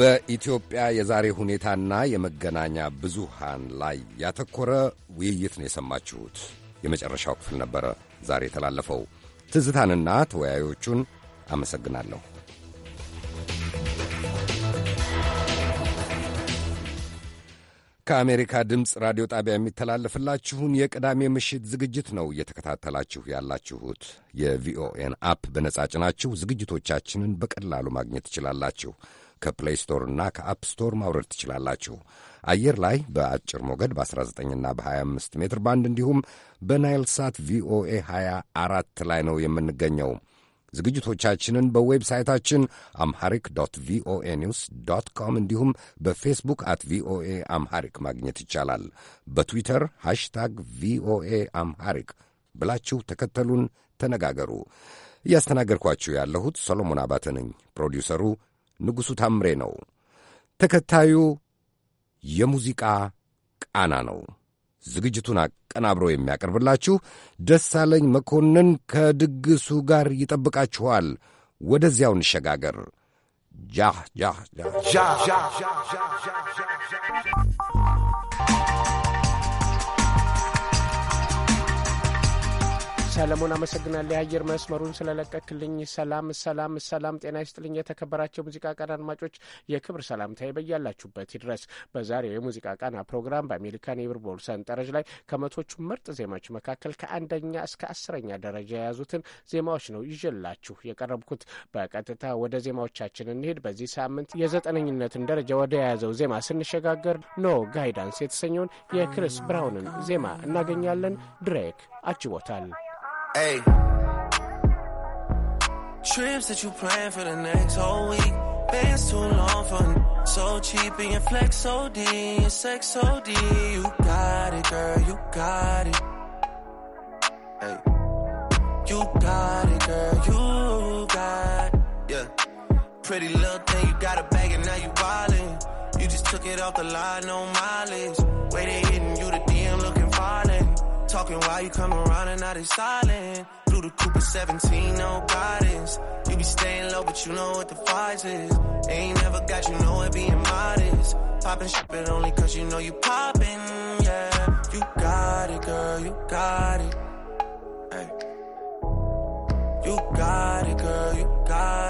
በኢትዮጵያ የዛሬ ሁኔታና የመገናኛ ብዙሃን ላይ ያተኮረ ውይይት ነው የሰማችሁት። የመጨረሻው ክፍል ነበረ ዛሬ የተላለፈው። ትዝታንና ተወያዮቹን አመሰግናለሁ። ከአሜሪካ ድምፅ ራዲዮ ጣቢያ የሚተላለፍላችሁን የቅዳሜ ምሽት ዝግጅት ነው እየተከታተላችሁ ያላችሁት። የቪኦኤን አፕ በነጻ ጭናችሁ ዝግጅቶቻችንን በቀላሉ ማግኘት ትችላላችሁ። ከፕሌይ እና ከአፕ ስቶር ማውረድ ትችላላችሁ። አየር ላይ በአጭር ሞገድ በ19ና በ25 ሜትር ባንድ እንዲሁም በናይል ሳት ቪኦኤ 24 ላይ ነው የምንገኘው። ዝግጅቶቻችንን በዌብሳይታችን አምሐሪክ ዶት ቪኦኤ ኒውስ ዶት ኮም እንዲሁም በፌስቡክ አት ቪኦኤ አምሐሪክ ማግኘት ይቻላል። በትዊተር ሃሽታግ ቪኦኤ አምሐሪክ ብላችሁ ተከተሉን፣ ተነጋገሩ። እያስተናገድኳችሁ ያለሁት ሰሎሞን አባተ ነኝ። ፕሮዲውሰሩ ንጉሡ ታምሬ ነው። ተከታዩ የሙዚቃ ቃና ነው። ዝግጅቱን አቀናብሮ የሚያቀርብላችሁ ደሳለኝ መኮንን ከድግሱ ጋር ይጠብቃችኋል። ወደዚያው እንሸጋገር። ጃ ጃ ጃ ጃ ጃ ጃ ጃ ሰለሞን አመሰግናለሁ የአየር መስመሩን ስለለቀክልኝ። ሰላም ሰላም ሰላም፣ ጤና ይስጥልኝ። የተከበራቸው ሙዚቃ ቃና አድማጮች የክብር ሰላም ይበያላችሁበት ይድረስ። በዛሬው የሙዚቃ ቃና ፕሮግራም በአሜሪካን የቢልቦርድ ሰንጠረዥ ላይ ከመቶቹ ምርጥ ዜማዎች መካከል ከአንደኛ እስከ አስረኛ ደረጃ የያዙትን ዜማዎች ነው ይዤላችሁ የቀረብኩት። በቀጥታ ወደ ዜማዎቻችን እንሄድ። በዚህ ሳምንት የዘጠነኝነትን ደረጃ ወደ የያዘው ዜማ ስንሸጋገር ኖ ጋይዳንስ የተሰኘውን የክሪስ ብራውንን ዜማ እናገኛለን። ድሬክ አጅቦታል። Hey. Trips that you plan for the next whole week. Bands too long for n- so cheap and your flex OD, your sex OD. You got it, girl, you got it. Hey. You got it, girl, you got it. Yeah. Pretty little thing, you got a bag and now you wildin'. You just took it off the line, no mileage. Waiting talking while you come around and now they silent. Blue the Cooper 17, no guidance. You be staying low, but you know what the price is. Ain't never got you know it being modest. Poppin' shit, but only cause you know you poppin', yeah. You got it, girl, you got it. Hey. You got it, girl, you got it.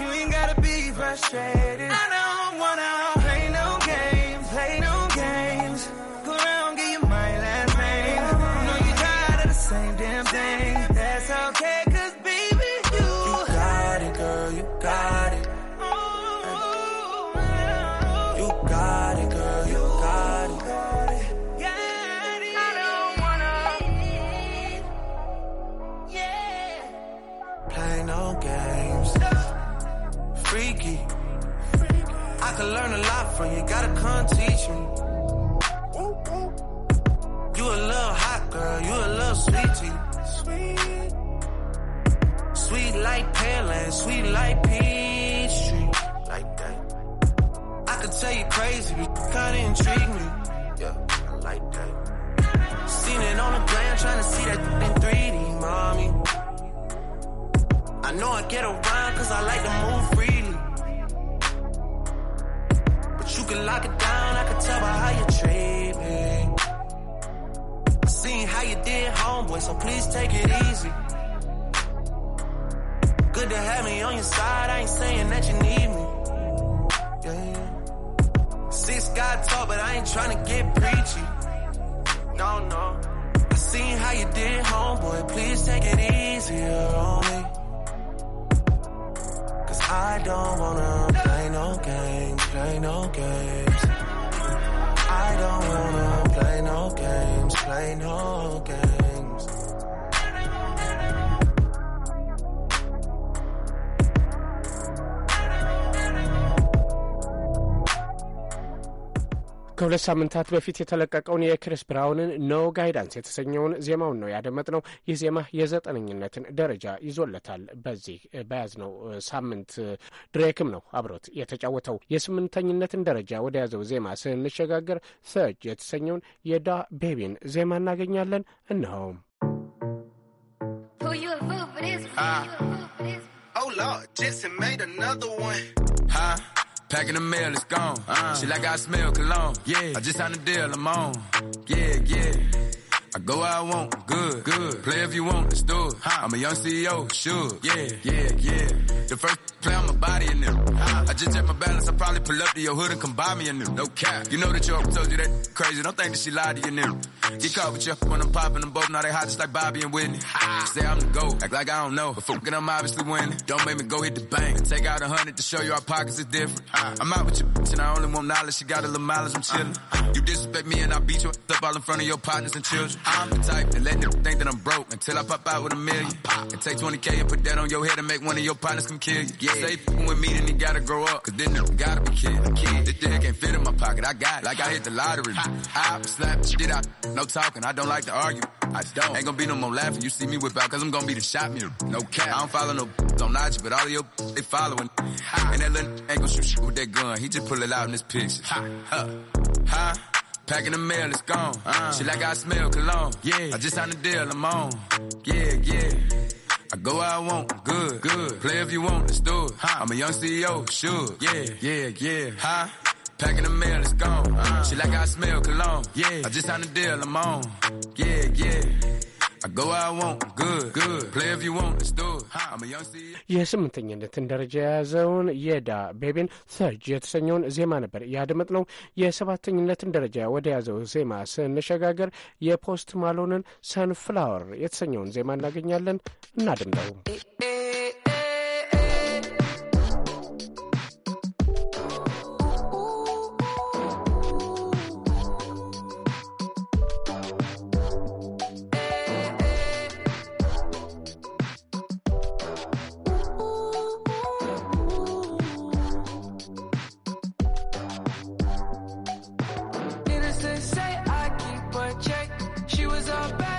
you ain't gotta be frustrated sweet. like like and sweet like Peachtree. Like that. I could tell you crazy, but kinda intrigue me. Yeah, I like that. Seen it on the plan, trying to see that in 3D, mommy. I know I get around cause I like to move freely. But you can lock it down, I can tell by how you Did homeboy, so please take it easy. Good to have me on your side, I ain't saying that you need me. Yeah, yeah. Six got tall, but I ain't trying to get preachy. No, no. I seen how you did, homeboy, please take it easier on me. Cause I don't wanna play no games, play no games. I don't wanna play no games. I know, ከሁለት ሳምንታት በፊት የተለቀቀውን የክሪስ ብራውንን ኖ ጋይዳንስ የተሰኘውን ዜማውን ነው ያደመጥነው። ይህ ዜማ የዘጠነኝነትን ደረጃ ይዞለታል። በዚህ በያዝነው ሳምንት ድሬክም ነው አብሮት የተጫወተው። የስምንተኝነትን ደረጃ ወደ ያዘው ዜማ ስንሸጋገር ሰርጅ የተሰኘውን የዳ ቤቢን ዜማ እናገኛለን። እነሆም ah. Oh Lord, Jesse made another one. Huh? Packing the mail, it's gone. Uh, she like I smell cologne. Yeah, I just signed a deal, I'm on. Yeah, yeah. I go where I want, good, good. Play if you want, it's do it. Huh. I'm a young CEO, sure. Yeah, yeah, yeah. The first just check my balance, I probably pull up to your hood and come buy me a new. No cap. You know that your told you that crazy. Don't think that she lied to you new. Get caught with you when I'm popping them both. Now they hot just like Bobby and Whitney. Say I'm the GOAT. Act like I don't know. But fucking I'm obviously winning. Don't make me go hit the bank. Take out a hundred to show you our pockets is different. I'm out with your bitch and I only want knowledge. She got a little mileage, I'm chillin'. You disrespect me and I beat you up all in front of your partners and children. I'm the type that let them think that I'm broke until I pop out with a million. And take 20K and put that on your head and make one of your partners come kill you. Yeah. Say with me then you gotta grow up, cause this nigga gotta be kid. kid. This dick can't fit in my pocket, I got it. Like I hit the lottery. I slap shit out, no talking, I don't like to argue. I don't. Ain't gonna be no more laughing. You see me whip out, cause I'm gonna be the shot mirror. No cap. I don't follow no on but all of your they following. Ha. And that little ain't gonna shoot shit with that gun. He just pull it out in his picture. Ha, ha, ha. Packing the mail, it's gone. Uh. Shit like I smell cologne. Yeah. I just signed a deal, I'm on. Yeah, yeah. I go where I want, good, good. Play if you want, let's do it. I'm a young CEO, sure. Yeah, yeah, yeah. Huh? Packing the mail, it's gone. She like I smell cologne. Yeah. I just signed a deal, I'm on. Yeah, yeah. የስምንተኝነትን ደረጃ የያዘውን የዳ ቤቢን ሰርጅ የተሰኘውን ዜማ ነበር ያደመጥነው። የሰባተኝነትን ደረጃ ወደ ያዘው ዜማ ስንሸጋገር የፖስት ማሎንን ሰንፍላወር የተሰኘውን ዜማ እናገኛለን። እናድምጠው። are back.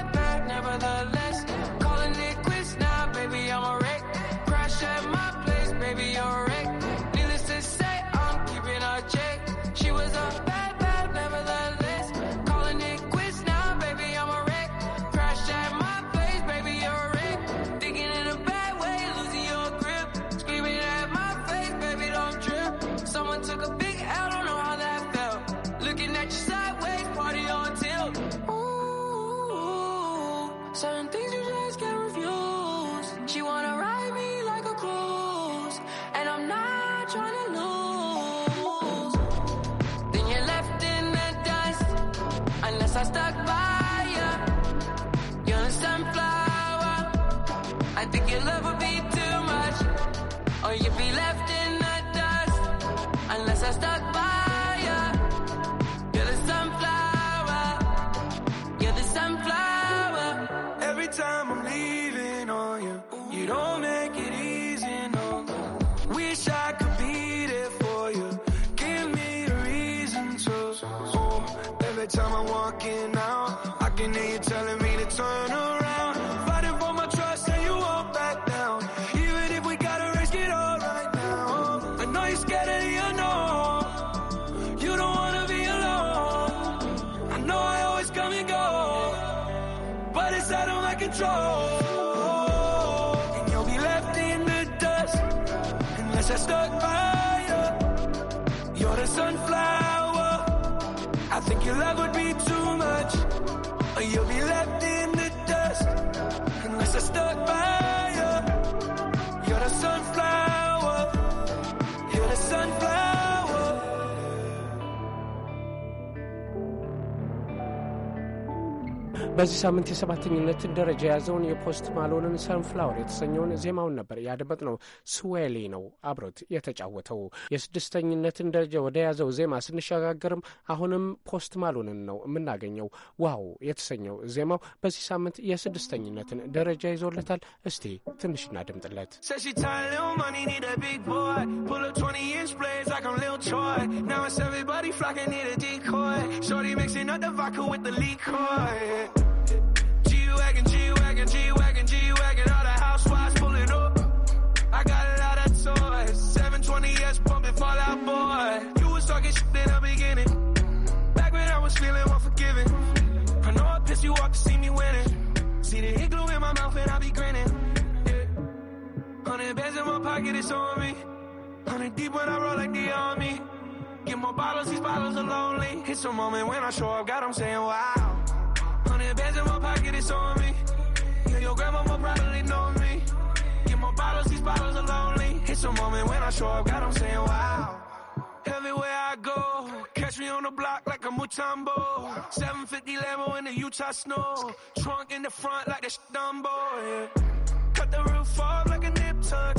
በዚህ ሳምንት የሰባተኝነትን ደረጃ የያዘውን የፖስት ማሎንን ሰንፍላወር የተሰኘውን ዜማውን ነበር ያደመጥነው። ስዌሊ ነው አብሮት የተጫወተው። የስድስተኝነትን ደረጃ ወደ ያዘው ዜማ ስንሸጋገርም አሁንም ፖስት ማሎንን ነው የምናገኘው። ዋው የተሰኘው ዜማው በዚህ ሳምንት የስድስተኝነትን ደረጃ ይዞለታል። እስቲ ትንሽ እናድምጥለት። Yeah. G-Wagon, G-Wagon, G-Wagon, all the housewives pulling up. I got a lot of toys, 720S pumping Fallout Boy. You was talking shit in the beginning, back when I was feeling unforgiving. I know I pissed you off to see me winning, see the hit glue in my mouth and I be grinning. Yeah. Hundred bands in my pocket, it's on me. Hundred deep when I roll like the army. Get more bottles, these bottles are lonely. It's a moment when I show up, God, I'm saying wow. Hundred bands in my pocket, it's on me. And your grandma probably know me. Get my bottles, these bottles are lonely. It's a moment when I show up, God, I'm saying wow. Everywhere I go, catch me on the block like a Mutombo. 750 Lambo in the Utah snow. Trunk in the front like a Stumbo. Yeah. Cut the roof off like a nip tuck.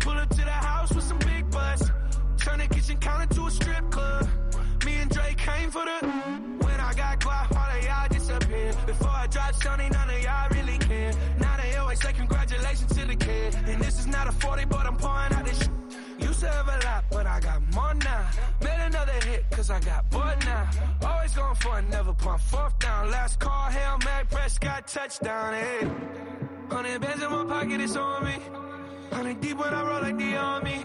Pull up to the house with some big butts. Turn the kitchen counter to a strip club. Me and Drake came for the. When I got quiet, all of y'all disappeared. Before I drop Sunny. none of y'all really say congratulations to the kid. And this is not a 40, but I'm pouring out this shit. Used to have a lot, but I got more now. Made another hit, cause I got more now. Always going for it, never pump fourth down. Last call, Hail Mary, got touchdown, hey. Hundred bands in my pocket, it's on me. Hundred deep when I roll like the army.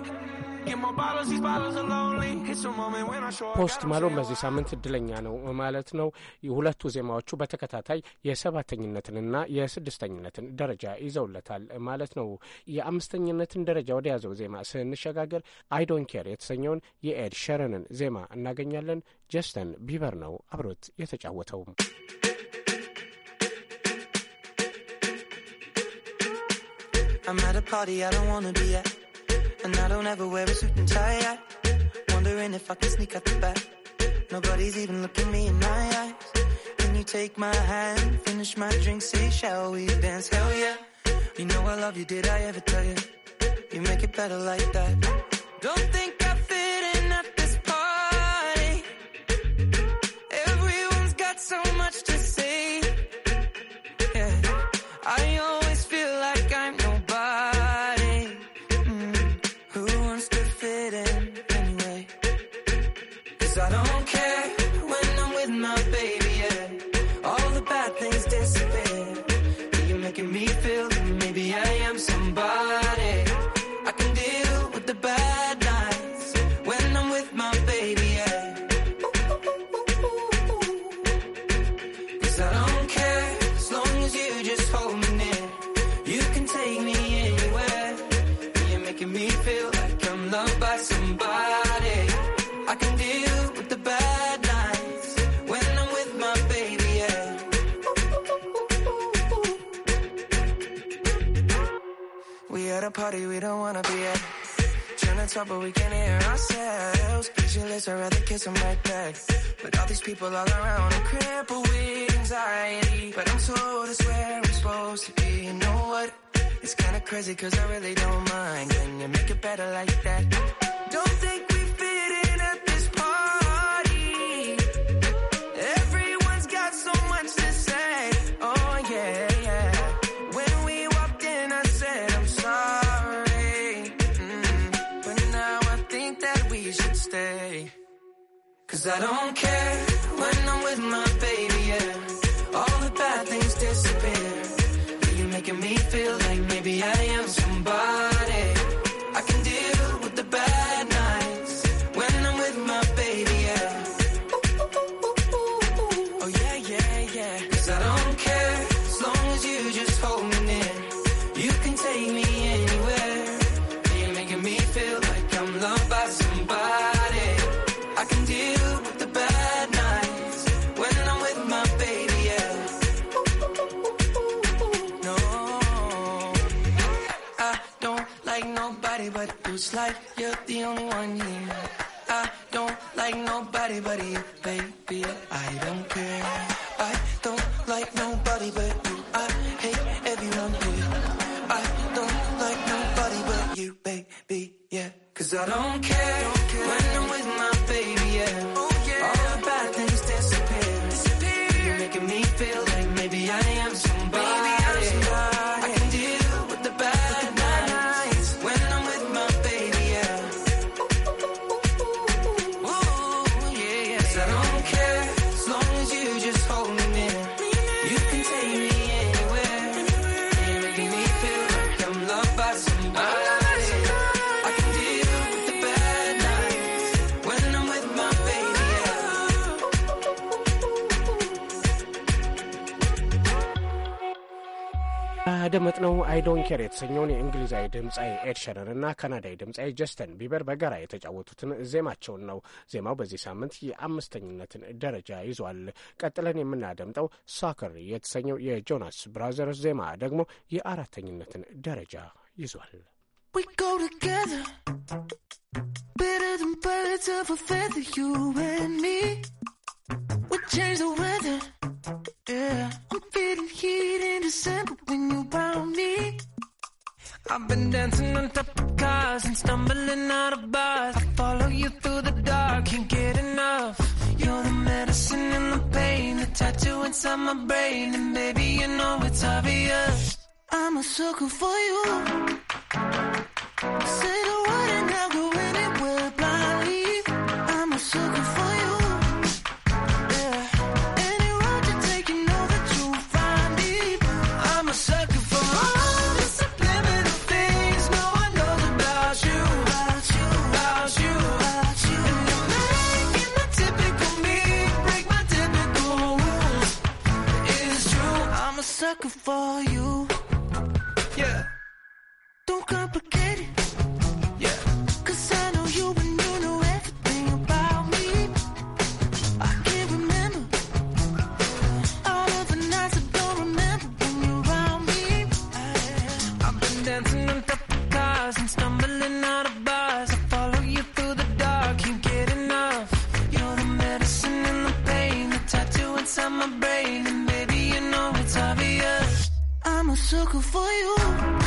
ፖስት ማሎን በዚህ ሳምንት እድለኛ ነው ማለት ነው። ሁለቱ ዜማዎቹ በተከታታይ የሰባተኝነትንና የስድስተኝነትን ደረጃ ይዘውለታል ማለት ነው። የአምስተኝነትን ደረጃ ወደ ያዘው ዜማ ስንሸጋገር አይዶን ኬር የተሰኘውን የኤድ ሸረንን ዜማ እናገኛለን። ጀስተን ቢበር ነው አብሮት የተጫወተውም። I'm at a party I don't wanna be at. And I don't ever wear a suit and tie. I wondering if I can sneak out the back. Nobody's even looking me in my eyes. Can you take my hand, finish my drink, say, shall we dance? Hell yeah. You know I love you, did I ever tell you? You make it better like that. Don't think party we don't wanna be at. Trying to talk, but we can't hear ourselves. Speechless, I'd rather kiss them right back. But all these people all around, are am crippled with anxiety. But I'm told it's where I'm supposed to be. You know what? It's kinda crazy, cause I really don't mind. Can you make it better like that? Cause I don't care when I'm with my baby, yeah. All the bad things disappear. you're making me feel like maybe I am. like the only one here. I don't like nobody but you, baby. I don't care. I don't like nobody but you. I hate everyone here. I don't like nobody but you, baby. Yeah, cause I don't care. ያደመጥነው አይዶን ኬር የተሰኘውን የእንግሊዛዊ ድምፃዊ ኤድ እና ካናዳዊ ድምፃዊ ጀስተን ቢበር በጋራ የተጫወቱትን ዜማቸውን ነው። ዜማው በዚህ ሳምንት የአምስተኝነትን ደረጃ ይዟል። ቀጥለን የምናደምጠው ሳከር የተሰኘው የጆናስ ብራዘርስ ዜማ ደግሞ የአራተኝነትን ደረጃ ይዟል። better than birds of a feather, you and me We change the weather. Yeah, I'm feeling heat in December when you found me. I've been dancing on top of cars and stumbling out of bars. I follow you through the dark, can't get enough. You're the medicine and the pain, the tattoo inside my brain, and baby you know it's obvious. I'm a sucker for you. Settle. for you. Yeah. Don't complicate it. Yeah. Cause I know you and you know everything about me. I can't remember all of the nights I don't remember when you're around me. I've been dancing on top of cars and stumbling out of sucker for you.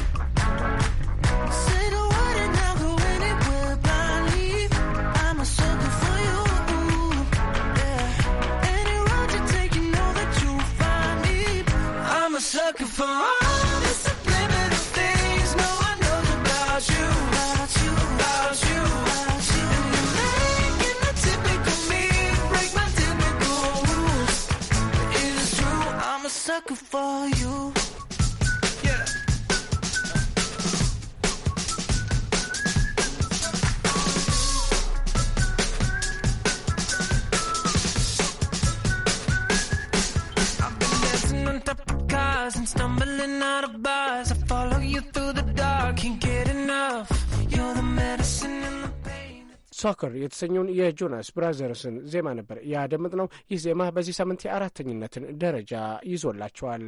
feeling out of bars. I follow you through the dark, can't get enough. You're the medicine in the pain. ሶከር የተሰኘውን የጆናስ ብራዘርስን ዜማ ነበር ያደመጥነው። ይህ ዜማ በዚህ ሳምንት የአራተኝነትን ደረጃ ይዞላቸዋል።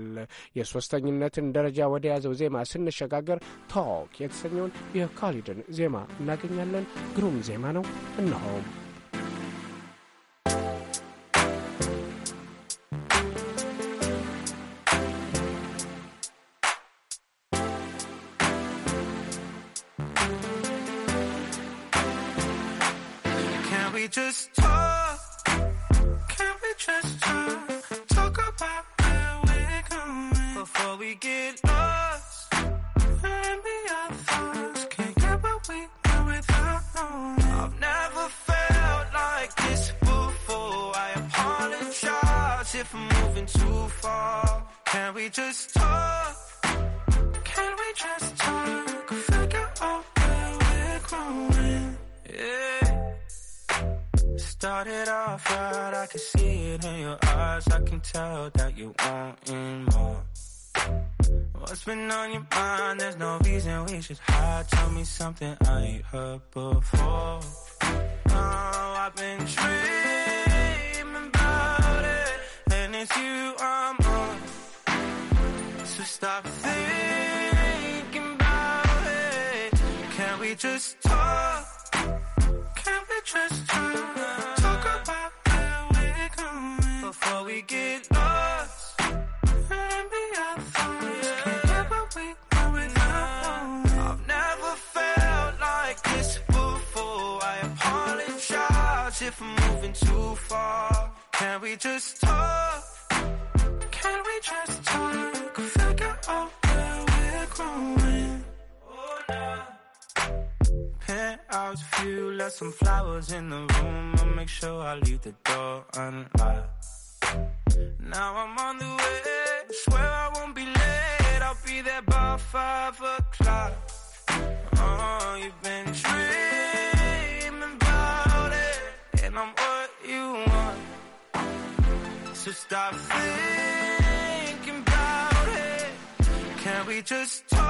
የሶስተኝነትን ደረጃ ወደ ያዘው ዜማ ስንሸጋገር ታክ የተሰኘውን የካሊድን ዜማ እናገኛለን። ግሩም ዜማ ነው። እነሆም just talk? Can we just talk? Talk about where we're going before we get lost. Let me our thoughts. Can't get what we want without knowing. I've never felt like this before. I apologize if I'm moving too far. Can we just talk? Can we just talk? Figure out where we're going. Yeah. Started off right, I can see it in your eyes. I can tell that you want more. What's been on your mind? There's no reason we should hide. Tell me something I ain't heard before. Oh, I've been dreaming about it, and it's you I'm on. So stop thinking about it. Can we just talk? just tryna talk about where we're going before we get lost. And be our thoughts, can't get we know without I've never felt like this before. I apologize if I'm moving too far. Can we just talk? Can we just talk? Figure out. out a few, left some flowers in the room. I make sure I leave the door unlocked. Now I'm on the way, swear I won't be late. I'll be there by five o'clock. Oh, you've been dreaming about it, and I'm what you want. So stop thinking about it. Can we just talk?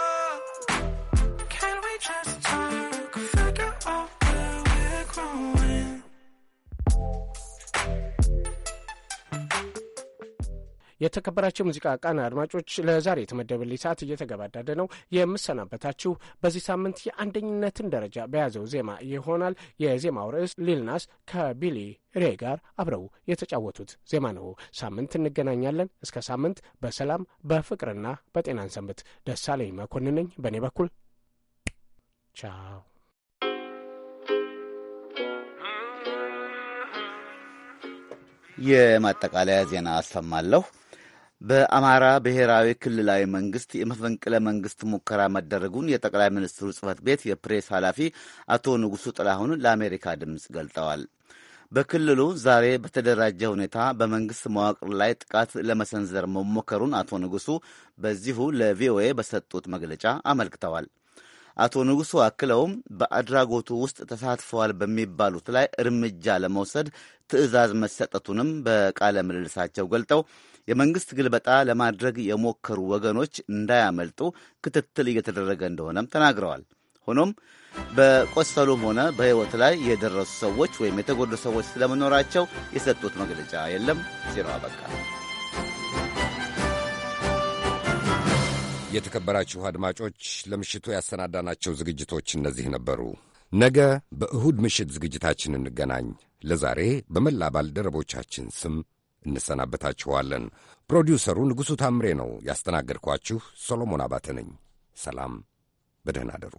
የተከበራቸው ሙዚቃ ቃና አድማጮች፣ ለዛሬ የተመደበልኝ ሰዓት እየተገባዳደ ነው። የምሰናበታችሁ በዚህ ሳምንት የአንደኝነትን ደረጃ በያዘው ዜማ ይሆናል። የዜማው ርዕስ ሊልናስ ከቢሊ ሬ ጋር አብረው የተጫወቱት ዜማ ነው። ሳምንት እንገናኛለን። እስከ ሳምንት በሰላም በፍቅርና በጤናን ሰንብት። ደሳለኝ መኮንን ነኝ። በእኔ በኩል ቻው። የማጠቃለያ ዜና አሰማለሁ። በአማራ ብሔራዊ ክልላዊ መንግስት የመፈንቅለ መንግስት ሙከራ መደረጉን የጠቅላይ ሚኒስትሩ ጽህፈት ቤት የፕሬስ ኃላፊ አቶ ንጉሱ ጥላሁን ለአሜሪካ ድምፅ ገልጠዋል። በክልሉ ዛሬ በተደራጀ ሁኔታ በመንግስት መዋቅር ላይ ጥቃት ለመሰንዘር መሞከሩን አቶ ንጉሱ በዚሁ ለቪኦኤ በሰጡት መግለጫ አመልክተዋል። አቶ ንጉሱ አክለውም በአድራጎቱ ውስጥ ተሳትፈዋል በሚባሉት ላይ እርምጃ ለመውሰድ ትዕዛዝ መሰጠቱንም በቃለ ምልልሳቸው ገልጠው የመንግስት ግልበጣ ለማድረግ የሞከሩ ወገኖች እንዳያመልጡ ክትትል እየተደረገ እንደሆነም ተናግረዋል። ሆኖም በቆሰሉም ሆነ በሕይወት ላይ የደረሱ ሰዎች ወይም የተጎዱ ሰዎች ስለመኖራቸው የሰጡት መግለጫ የለም። ዜናው አበቃ። የተከበራችሁ አድማጮች ለምሽቱ ያሰናዳናቸው ዝግጅቶች እነዚህ ነበሩ። ነገ በእሁድ ምሽት ዝግጅታችን እንገናኝ። ለዛሬ በመላ ባልደረቦቻችን ስም እንሰናበታችኋለን። ፕሮዲውሰሩ ንጉሡ ታምሬ ነው። ያስተናገድኳችሁ ሰሎሞን አባተ ነኝ። ሰላም፣ በደህና አደሩ።